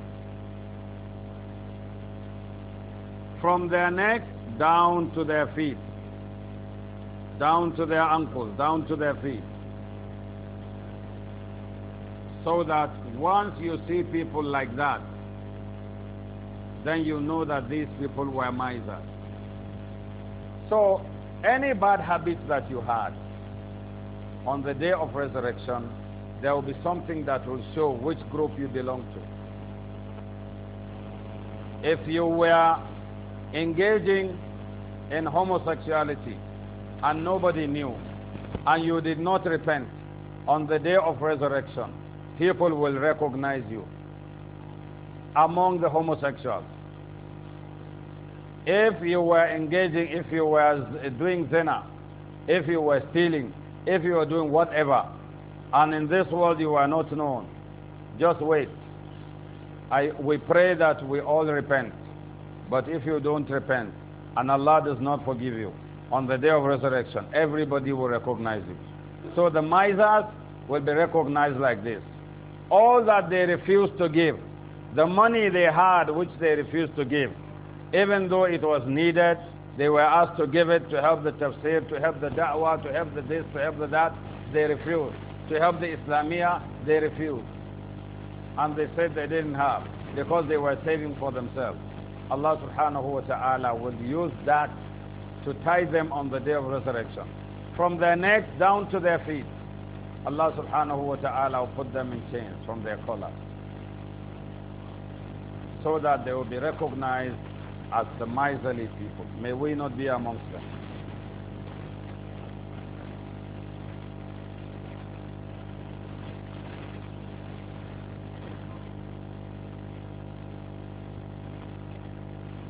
From their necks down to their feet, down to their ankles, down to their feet. So that once you see people like that, then you know that these people were misers. So any bad habit that you had on the day of resurrection, there will be something that will show which group you belong to. If you were engaging in homosexuality and nobody knew, and you did not repent on the day of resurrection, people will recognize you among the homosexuals. If you were engaging, if you were doing zina, if you were stealing, if you were doing whatever, and in this world you are not known, just wait. I, we pray that we all repent. But if you don't repent, and Allah does not forgive you, on the day of resurrection, everybody will recognize you. So the misers will be recognized like this. All that they refuse to give, the money they had, which they refused to give, even though it was needed, they were asked to give it to help the tafsir, to help the da'wah, to help the this, to help the that, they refused. To help the Islamia, they refused. And they said they didn't have because they were saving for themselves. Allah subhanahu wa ta'ala will use that to tie them on the day of resurrection. From their neck down to their feet, Allah subhanahu wa ta'ala will put them in chains from their collar so that they will be recognized as the miserly people. May we not be amongst them.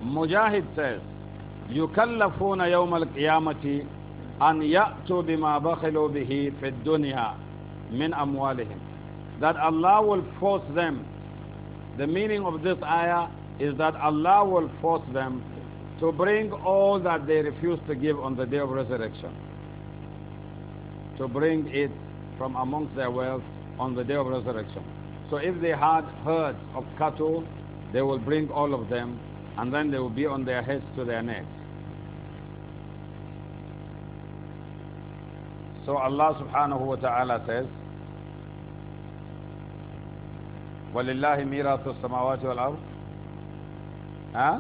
Mujahid says, يكلفون يوم القيامة أن يأتوا بما بخلوا به في الدنيا من أموالهم. That Allah will force them the meaning of this ayah is that Allah will force them to bring all that they refuse to give on the day of resurrection. To bring it from amongst their wealth on the day of resurrection. So if they had herds of cattle, they will bring all of them and then they will be on their heads to their necks. So Allah subhanahu wa ta'ala says, وَلِلَّهِ مِيرَاثُ السَّمَاوَاتِ وَالْأَرْضِ Huh?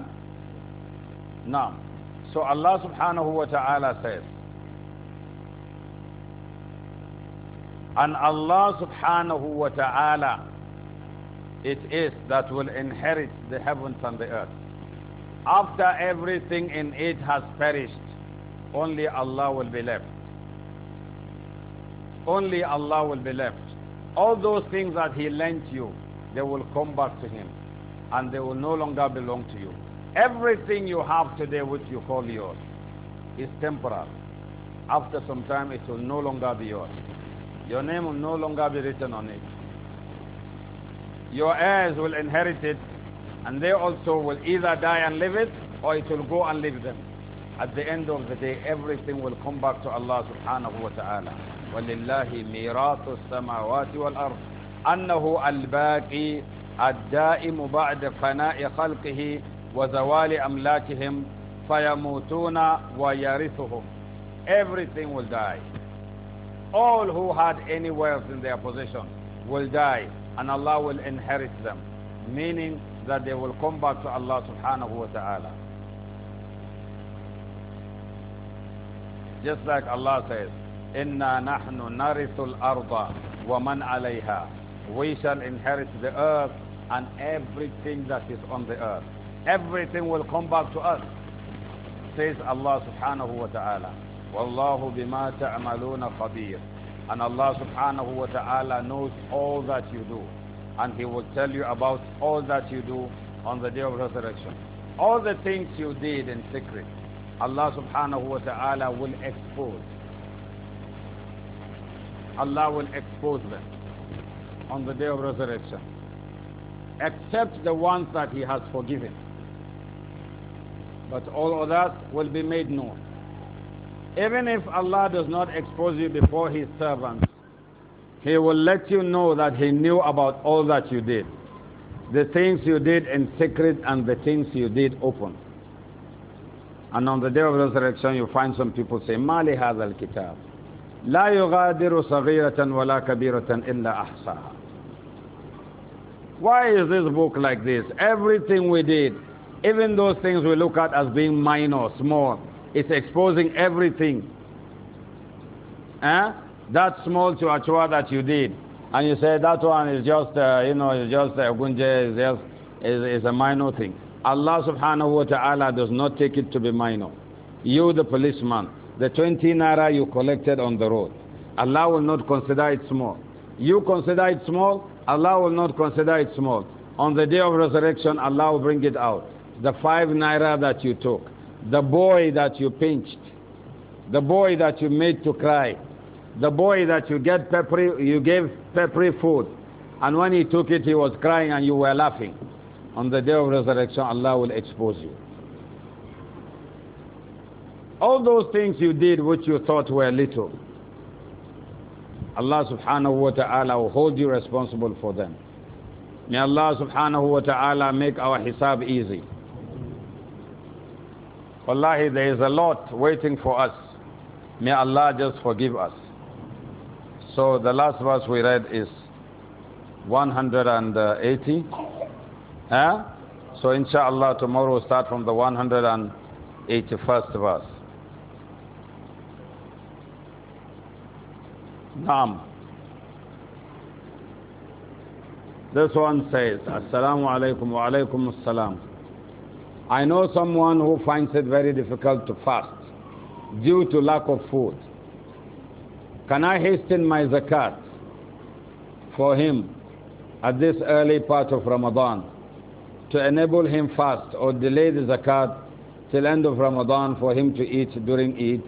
Now, so Allah subhanahu wa ta'ala says, and Allah subhanahu wa ta'ala it is that will inherit the heavens and the earth. After everything in it has perished, only Allah will be left. Only Allah will be left. All those things that He lent you, they will come back to him and they will no longer belong to you. Everything you have today which you call yours is temporal. After some time it will no longer be yours. Your name will no longer be written on it. Your heirs will inherit it and they also will either die and leave it or it will go and leave them. At the end of the day, everything will come back to Allah subhanahu wa ta'ala. وَلِلَّهِ مِيرَاثُ السَّمَاوَاتِ وَالْأَرْضِ أنه الباقي الدائم بعد فناء خلقه وزوال أملاكهم فيموتون ويرثهم everything will die all who had any wealth in their possession will die and Allah will inherit them meaning that they will come back to Allah subhanahu wa ta'ala just like Allah says إنا نحن نرث الأرض ومن عليها we shall inherit the earth and everything that is on the earth. Everything will come back to us, says Allah subhanahu wa ta'ala. Wallahu bima ta'amaluna khabir. And Allah subhanahu wa ta'ala knows all that you do. And He will tell you about all that you do on the day of resurrection. All the things you did in secret, Allah subhanahu wa ta'ala will expose. Allah will expose them on the day of resurrection except the ones that he has forgiven but all others will be made known even if Allah does not expose you before his servants he will let you know that he knew about all that you did the things you did in secret and the things you did open and on the day of resurrection you find some people say mali hadha al-kitab la يغادر صغيرة wala كبيرة illa أحصاها why is this book like this? Everything we did, even those things we look at as being minor, small, it's exposing everything. Eh? That small chuachua that you did, and you say that one is just, uh, you know, is just uh, gunje, is is, is a minor thing. Allah subhanahu wa ta'ala does not take it to be minor. You, the policeman, the 20 naira you collected on the road, Allah will not consider it small. You consider it small, Allah will not consider it small. On the day of resurrection, Allah will bring it out. The five naira that you took, the boy that you pinched, the boy that you made to cry, the boy that you, get peppery, you gave peppery food, and when he took it, he was crying and you were laughing. On the day of resurrection, Allah will expose you. All those things you did which you thought were little, Allah subhanahu wa ta'ala will hold you responsible for them. May Allah subhanahu wa ta'ala make our hisab easy. Wallahi, there is a lot waiting for us. May Allah just forgive us. So the last verse we read is 180. Huh? So inshallah tomorrow we'll start from the 181st verse. Naam. This one says, Assalamu alaikum wa alaikum assalam. I know someone who finds it very difficult to fast due to lack of food. Can I hasten my zakat for him at this early part of Ramadan to enable him fast or delay the zakat till end of Ramadan for him to eat during Eid?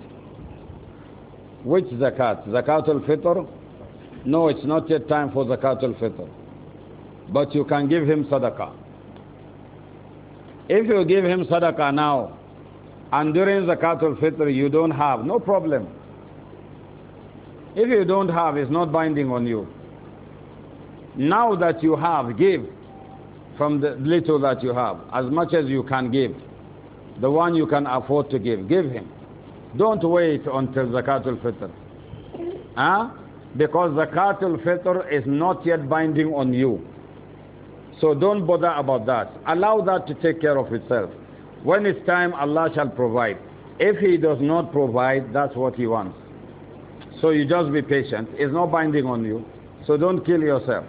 Which zakat? al fitr? No, it's not yet time for al fitr. But you can give him sadaqah. If you give him sadaqah now, and during al fitr you don't have, no problem. If you don't have, it's not binding on you. Now that you have, give from the little that you have, as much as you can give. The one you can afford to give, give him. Don't wait until Zakatul Fitr. Huh? Because Zakatul Fitr is not yet binding on you. So don't bother about that. Allow that to take care of itself. When it's time, Allah shall provide. If He does not provide, that's what He wants. So you just be patient. It's not binding on you. So don't kill yourself.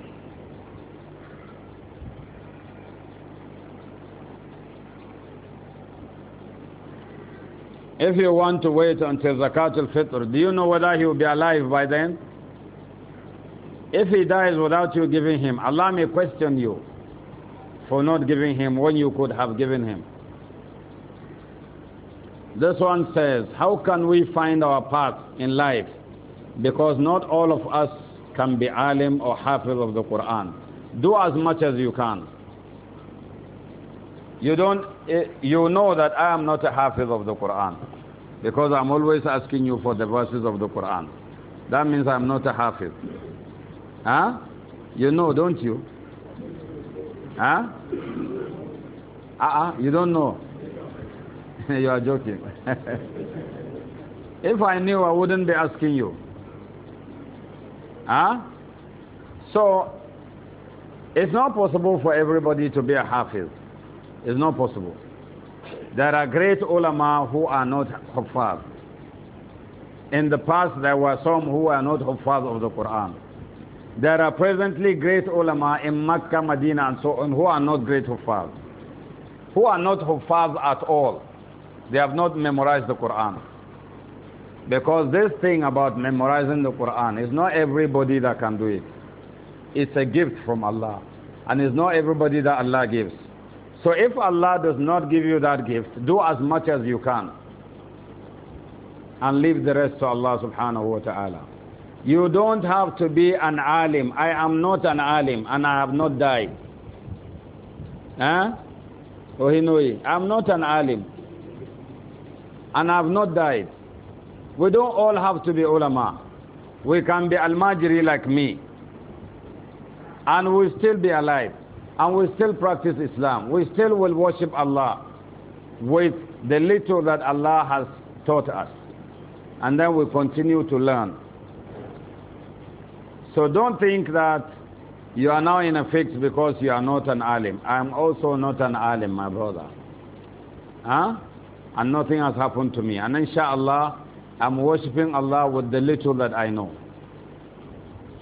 If you want to wait until Zakat al-Fitr, do you know whether he will be alive by then? If he dies without you giving him, Allah may question you for not giving him when you could have given him. This one says, How can we find our path in life? Because not all of us can be alim or hafiz of the Quran. Do as much as you can. You don't, eh, you know that I am not a hafiz of the Quran because I'm always asking you for the verses of the Quran. That means I'm not a hafiz. Huh? You know, don't you? Huh? Uh-uh, you don't know. (laughs) you are joking. (laughs) if I knew, I wouldn't be asking you. Huh? So, it's not possible for everybody to be a hafiz. It's not possible. There are great ulama who are not huffaz. In the past, there were some who are not huffaz of the Quran. There are presently great ulama in Makkah, Medina, and so on who are not great huffaz. Who are not huffaz at all. They have not memorized the Quran. Because this thing about memorizing the Quran is not everybody that can do it. It's a gift from Allah. And it's not everybody that Allah gives. So if Allah does not give you that gift, do as much as you can. And leave the rest to Allah subhanahu wa ta'ala. You don't have to be an alim. I am not an alim and I have not died. Huh? Ohinoi, I'm not an alim and I have not died. We don't all have to be ulama. We can be al-majri like me and we'll still be alive and we still practice Islam. We still will worship Allah with the little that Allah has taught us. And then we continue to learn. So don't think that you are now in a fix because you are not an alim. I am also not an alim, my brother. Huh? And nothing has happened to me. And inshallah, I'm worshipping Allah with the little that I know.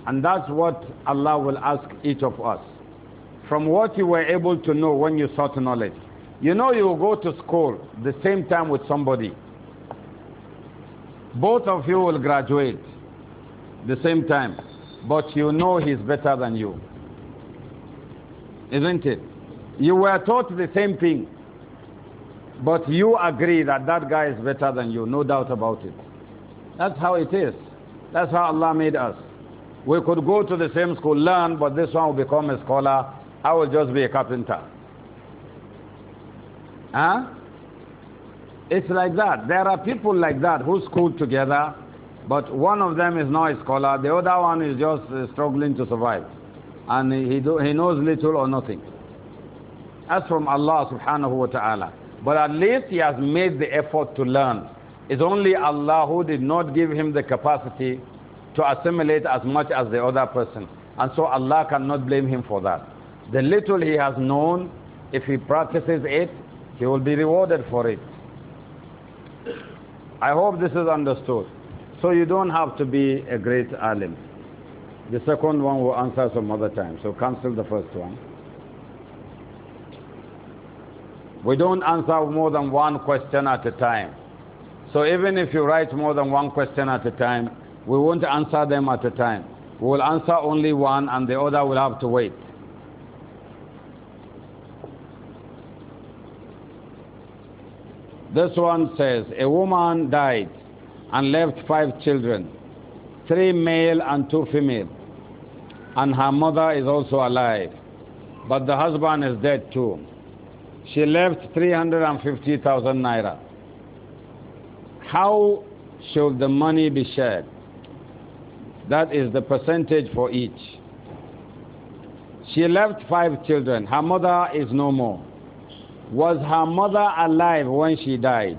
And that's what Allah will ask each of us from what you were able to know when you sought knowledge. You know you will go to school the same time with somebody. Both of you will graduate the same time, but you know he's better than you. Isn't it? You were taught the same thing, but you agree that that guy is better than you, no doubt about it. That's how it is. That's how Allah made us. We could go to the same school, learn, but this one will become a scholar I will just be a carpenter. Huh? It's like that. There are people like that who school together, but one of them is not a scholar, the other one is just uh, struggling to survive. And he, do, he knows little or nothing. That's from Allah subhanahu wa ta'ala. But at least he has made the effort to learn. It's only Allah who did not give him the capacity to assimilate as much as the other person. And so Allah cannot blame him for that. The little he has known, if he practices it, he will be rewarded for it. I hope this is understood. So you don't have to be a great alim. The second one will answer some other time, so cancel the first one. We don't answer more than one question at a time. So even if you write more than one question at a time, we won't answer them at a time. We will answer only one and the other will have to wait. This one says, a woman died and left five children, three male and two female. And her mother is also alive, but the husband is dead too. She left 350,000 naira. How should the money be shared? That is the percentage for each. She left five children. Her mother is no more. Was her mother alive when she died?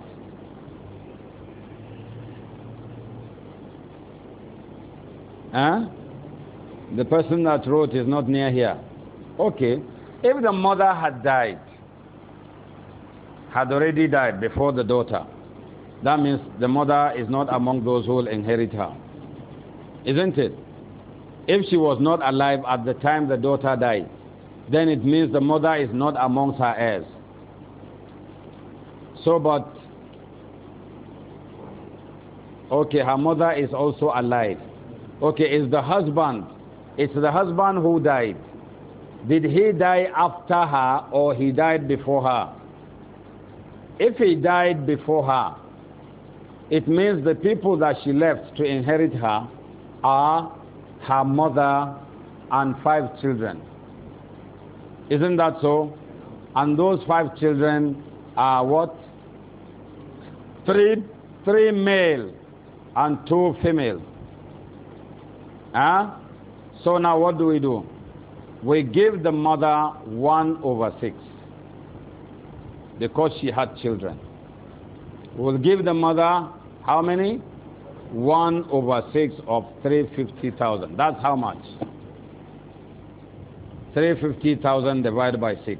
Huh? The person that wrote is not near here. Okay. If the mother had died, had already died before the daughter, that means the mother is not among those who will inherit her. Isn't it? If she was not alive at the time the daughter died, then it means the mother is not amongst her heirs. So, but, okay, her mother is also alive. Okay, is the husband, it's the husband who died. Did he die after her or he died before her? If he died before her, it means the people that she left to inherit her are her mother and five children. Isn't that so? And those five children are what? Three, three male and two female. Huh? So now what do we do? We give the mother one over six because she had children. We'll give the mother how many? One over six of 350,000. That's how much? 350,000 divided by six.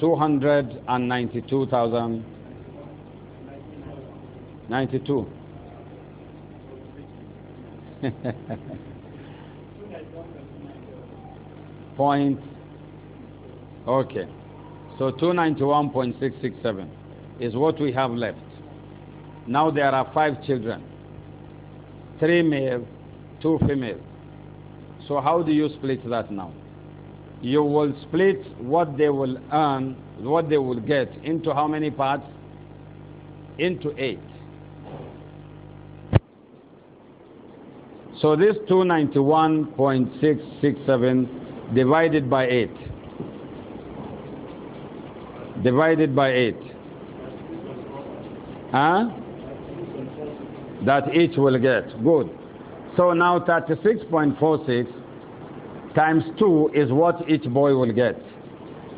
Two hundred and ninety-two thousand ninety-two (laughs) Point. Okay. So 291.667 is what we have left. Now there are five children three male, two female. So how do you split that now? you will split what they will earn, what they will get, into how many parts? Into eight. So this 291.667 divided by 8. Divided by 8. Huh? That each will get. Good. So now 36.46 times 2 is what each boy will get.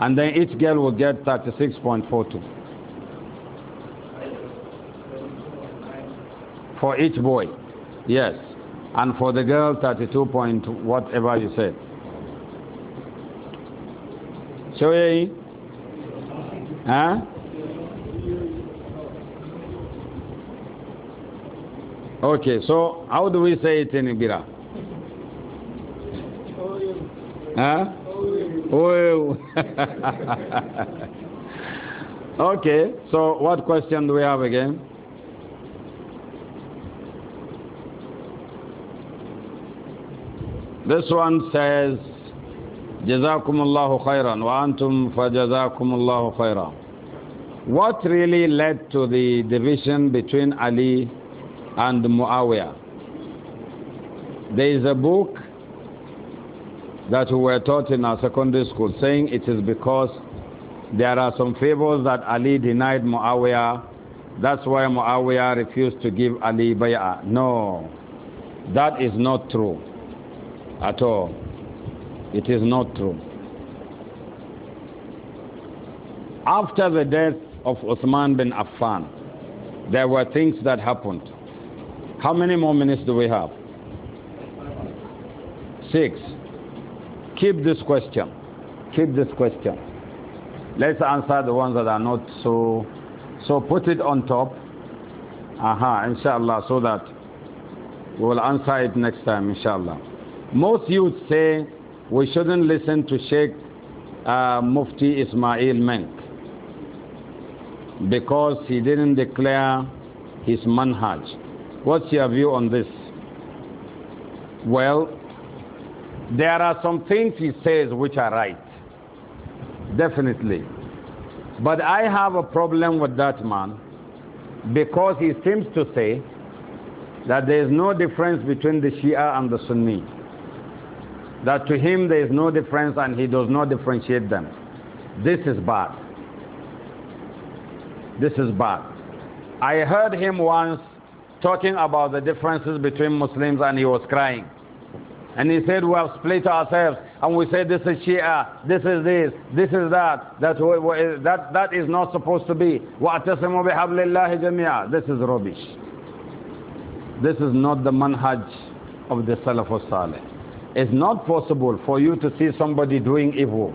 And then each girl will get 36.42. For each boy, yes. And for the girl, 32 point whatever you said. So, eh? Huh? Okay, so how do we say it in Ibira? Huh? Oh. (laughs) okay, so what question do we have again? This one says, جزاكم الله خيرا وأنتم فجزاكم الله خيرا. What really led to the division between Ali and Muawiyah? There is a book that we were taught in our secondary school, saying it is because there are some favors that Ali denied Muawiyah. That's why Muawiyah refused to give Ali bay'ah. No, that is not true at all. It is not true. After the death of Uthman bin Affan, there were things that happened. How many more minutes do we have? Six. Keep this question. Keep this question. Let's answer the ones that are not so. So put it on top. Aha, inshallah, so that we will answer it next time, inshallah. Most youth say we shouldn't listen to Sheikh uh, Mufti Ismail Menk because he didn't declare his manhaj. What's your view on this? Well, there are some things he says which are right, definitely. But I have a problem with that man because he seems to say that there is no difference between the Shia and the Sunni. That to him there is no difference and he does not differentiate them. This is bad. This is bad. I heard him once talking about the differences between Muslims and he was crying. And he said, we have split ourselves. And we said, this is Shia, this is this, this is that. That, that, that is not supposed to be. وَأَتَسِمُوا بِحَبْلِ اللَّهِ جَمِيعًا This is rubbish. This is not the manhaj of the Salaf Saleh. It's not possible for you to see somebody doing evil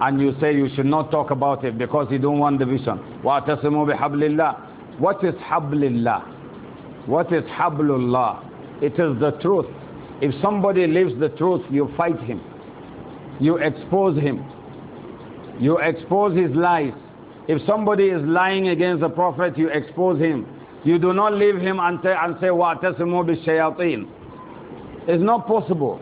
and you say you should not talk about it because you don't want division. وَأَتَسِمُوا بِحَبْلِ اللَّهِ What is حَبْلِ اللَّهِ? What is حَبْلُ اللَّهِ? It is the truth. If somebody lives the truth, you fight him. You expose him. You expose his lies. If somebody is lying against the Prophet, you expose him. You do not leave him and, say, وَأَتَسِمُوا بِالشَّيَاطِينَ It's not possible.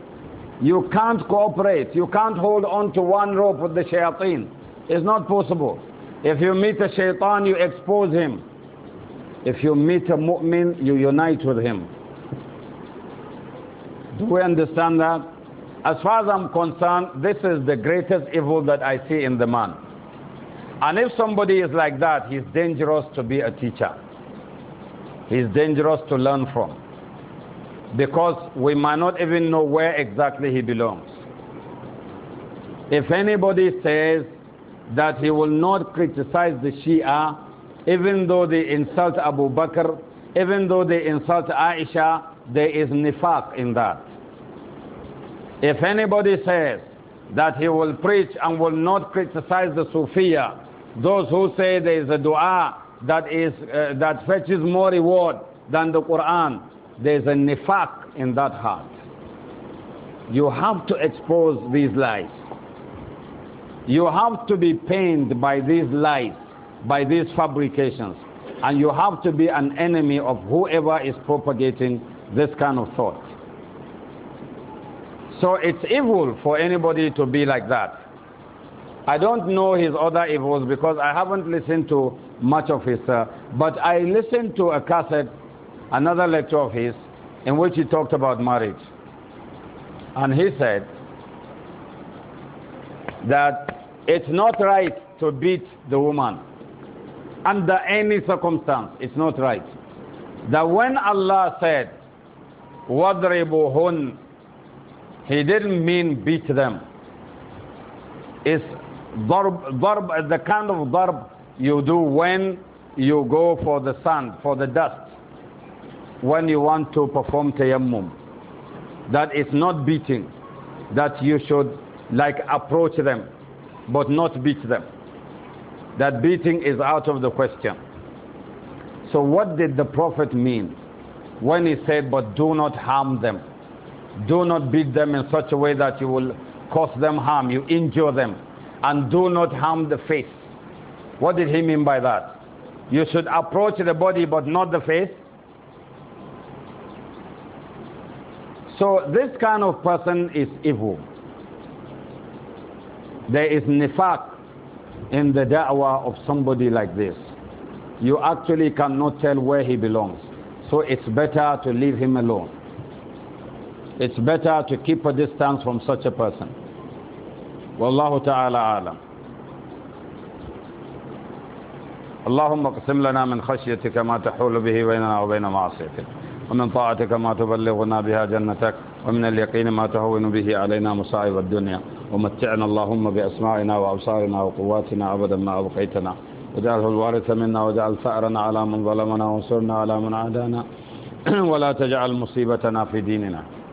You can't cooperate. You can't hold on to one rope with the shayateen. It's not possible. If you meet a shaitan, you expose him. If you meet a mu'min, you unite with him. Do we understand that? As far as I'm concerned, this is the greatest evil that I see in the man. And if somebody is like that, he's dangerous to be a teacher. He's dangerous to learn from. Because we might not even know where exactly he belongs. If anybody says that he will not criticize the Shia, even though they insult Abu Bakr, even though they insult Aisha, there is nifaq in that. If anybody says that he will preach and will not criticize the Sufiya, those who say there is a dua that, is, uh, that fetches more reward than the Quran, there is a nifaq in that heart. You have to expose these lies. You have to be pained by these lies, by these fabrications. And you have to be an enemy of whoever is propagating this kind of thought. So it's evil for anybody to be like that. I don't know his other evils because I haven't listened to much of his, uh, but I listened to a cassette, another lecture of his, in which he talked about marriage. And he said that it's not right to beat the woman under any circumstance. It's not right. That when Allah said, وَضْرِبُهُنْ he didn't mean beat them. It's darb, darb, the kind of darb you do when you go for the sand, for the dust, when you want to perform tayammum. That is not beating, that you should like approach them, but not beat them. That beating is out of the question. So what did the Prophet mean when he said, but do not harm them? Do not beat them in such a way that you will cause them harm, you injure them, and do not harm the face. What did he mean by that? You should approach the body but not the face. So this kind of person is evil. There is nifaq in the da'wah of somebody like this. You actually cannot tell where he belongs. So it's better to leave him alone. it's better to keep a distance from such a person. والله تعالى أعلم اللهم اقسم لنا من خشيتك ما تحول به بيننا وبين معصيتك ومن طاعتك ما تبلغنا بها جنتك ومن اليقين ما تهون به علينا مصائب الدنيا ومتعنا اللهم بأسماعنا وأبصارنا وقواتنا أبدا ما أبقيتنا وجعله الوارث منا وجعل ثأرنا على من ظلمنا وانصرنا على من عادانا ولا تجعل مصيبتنا في ديننا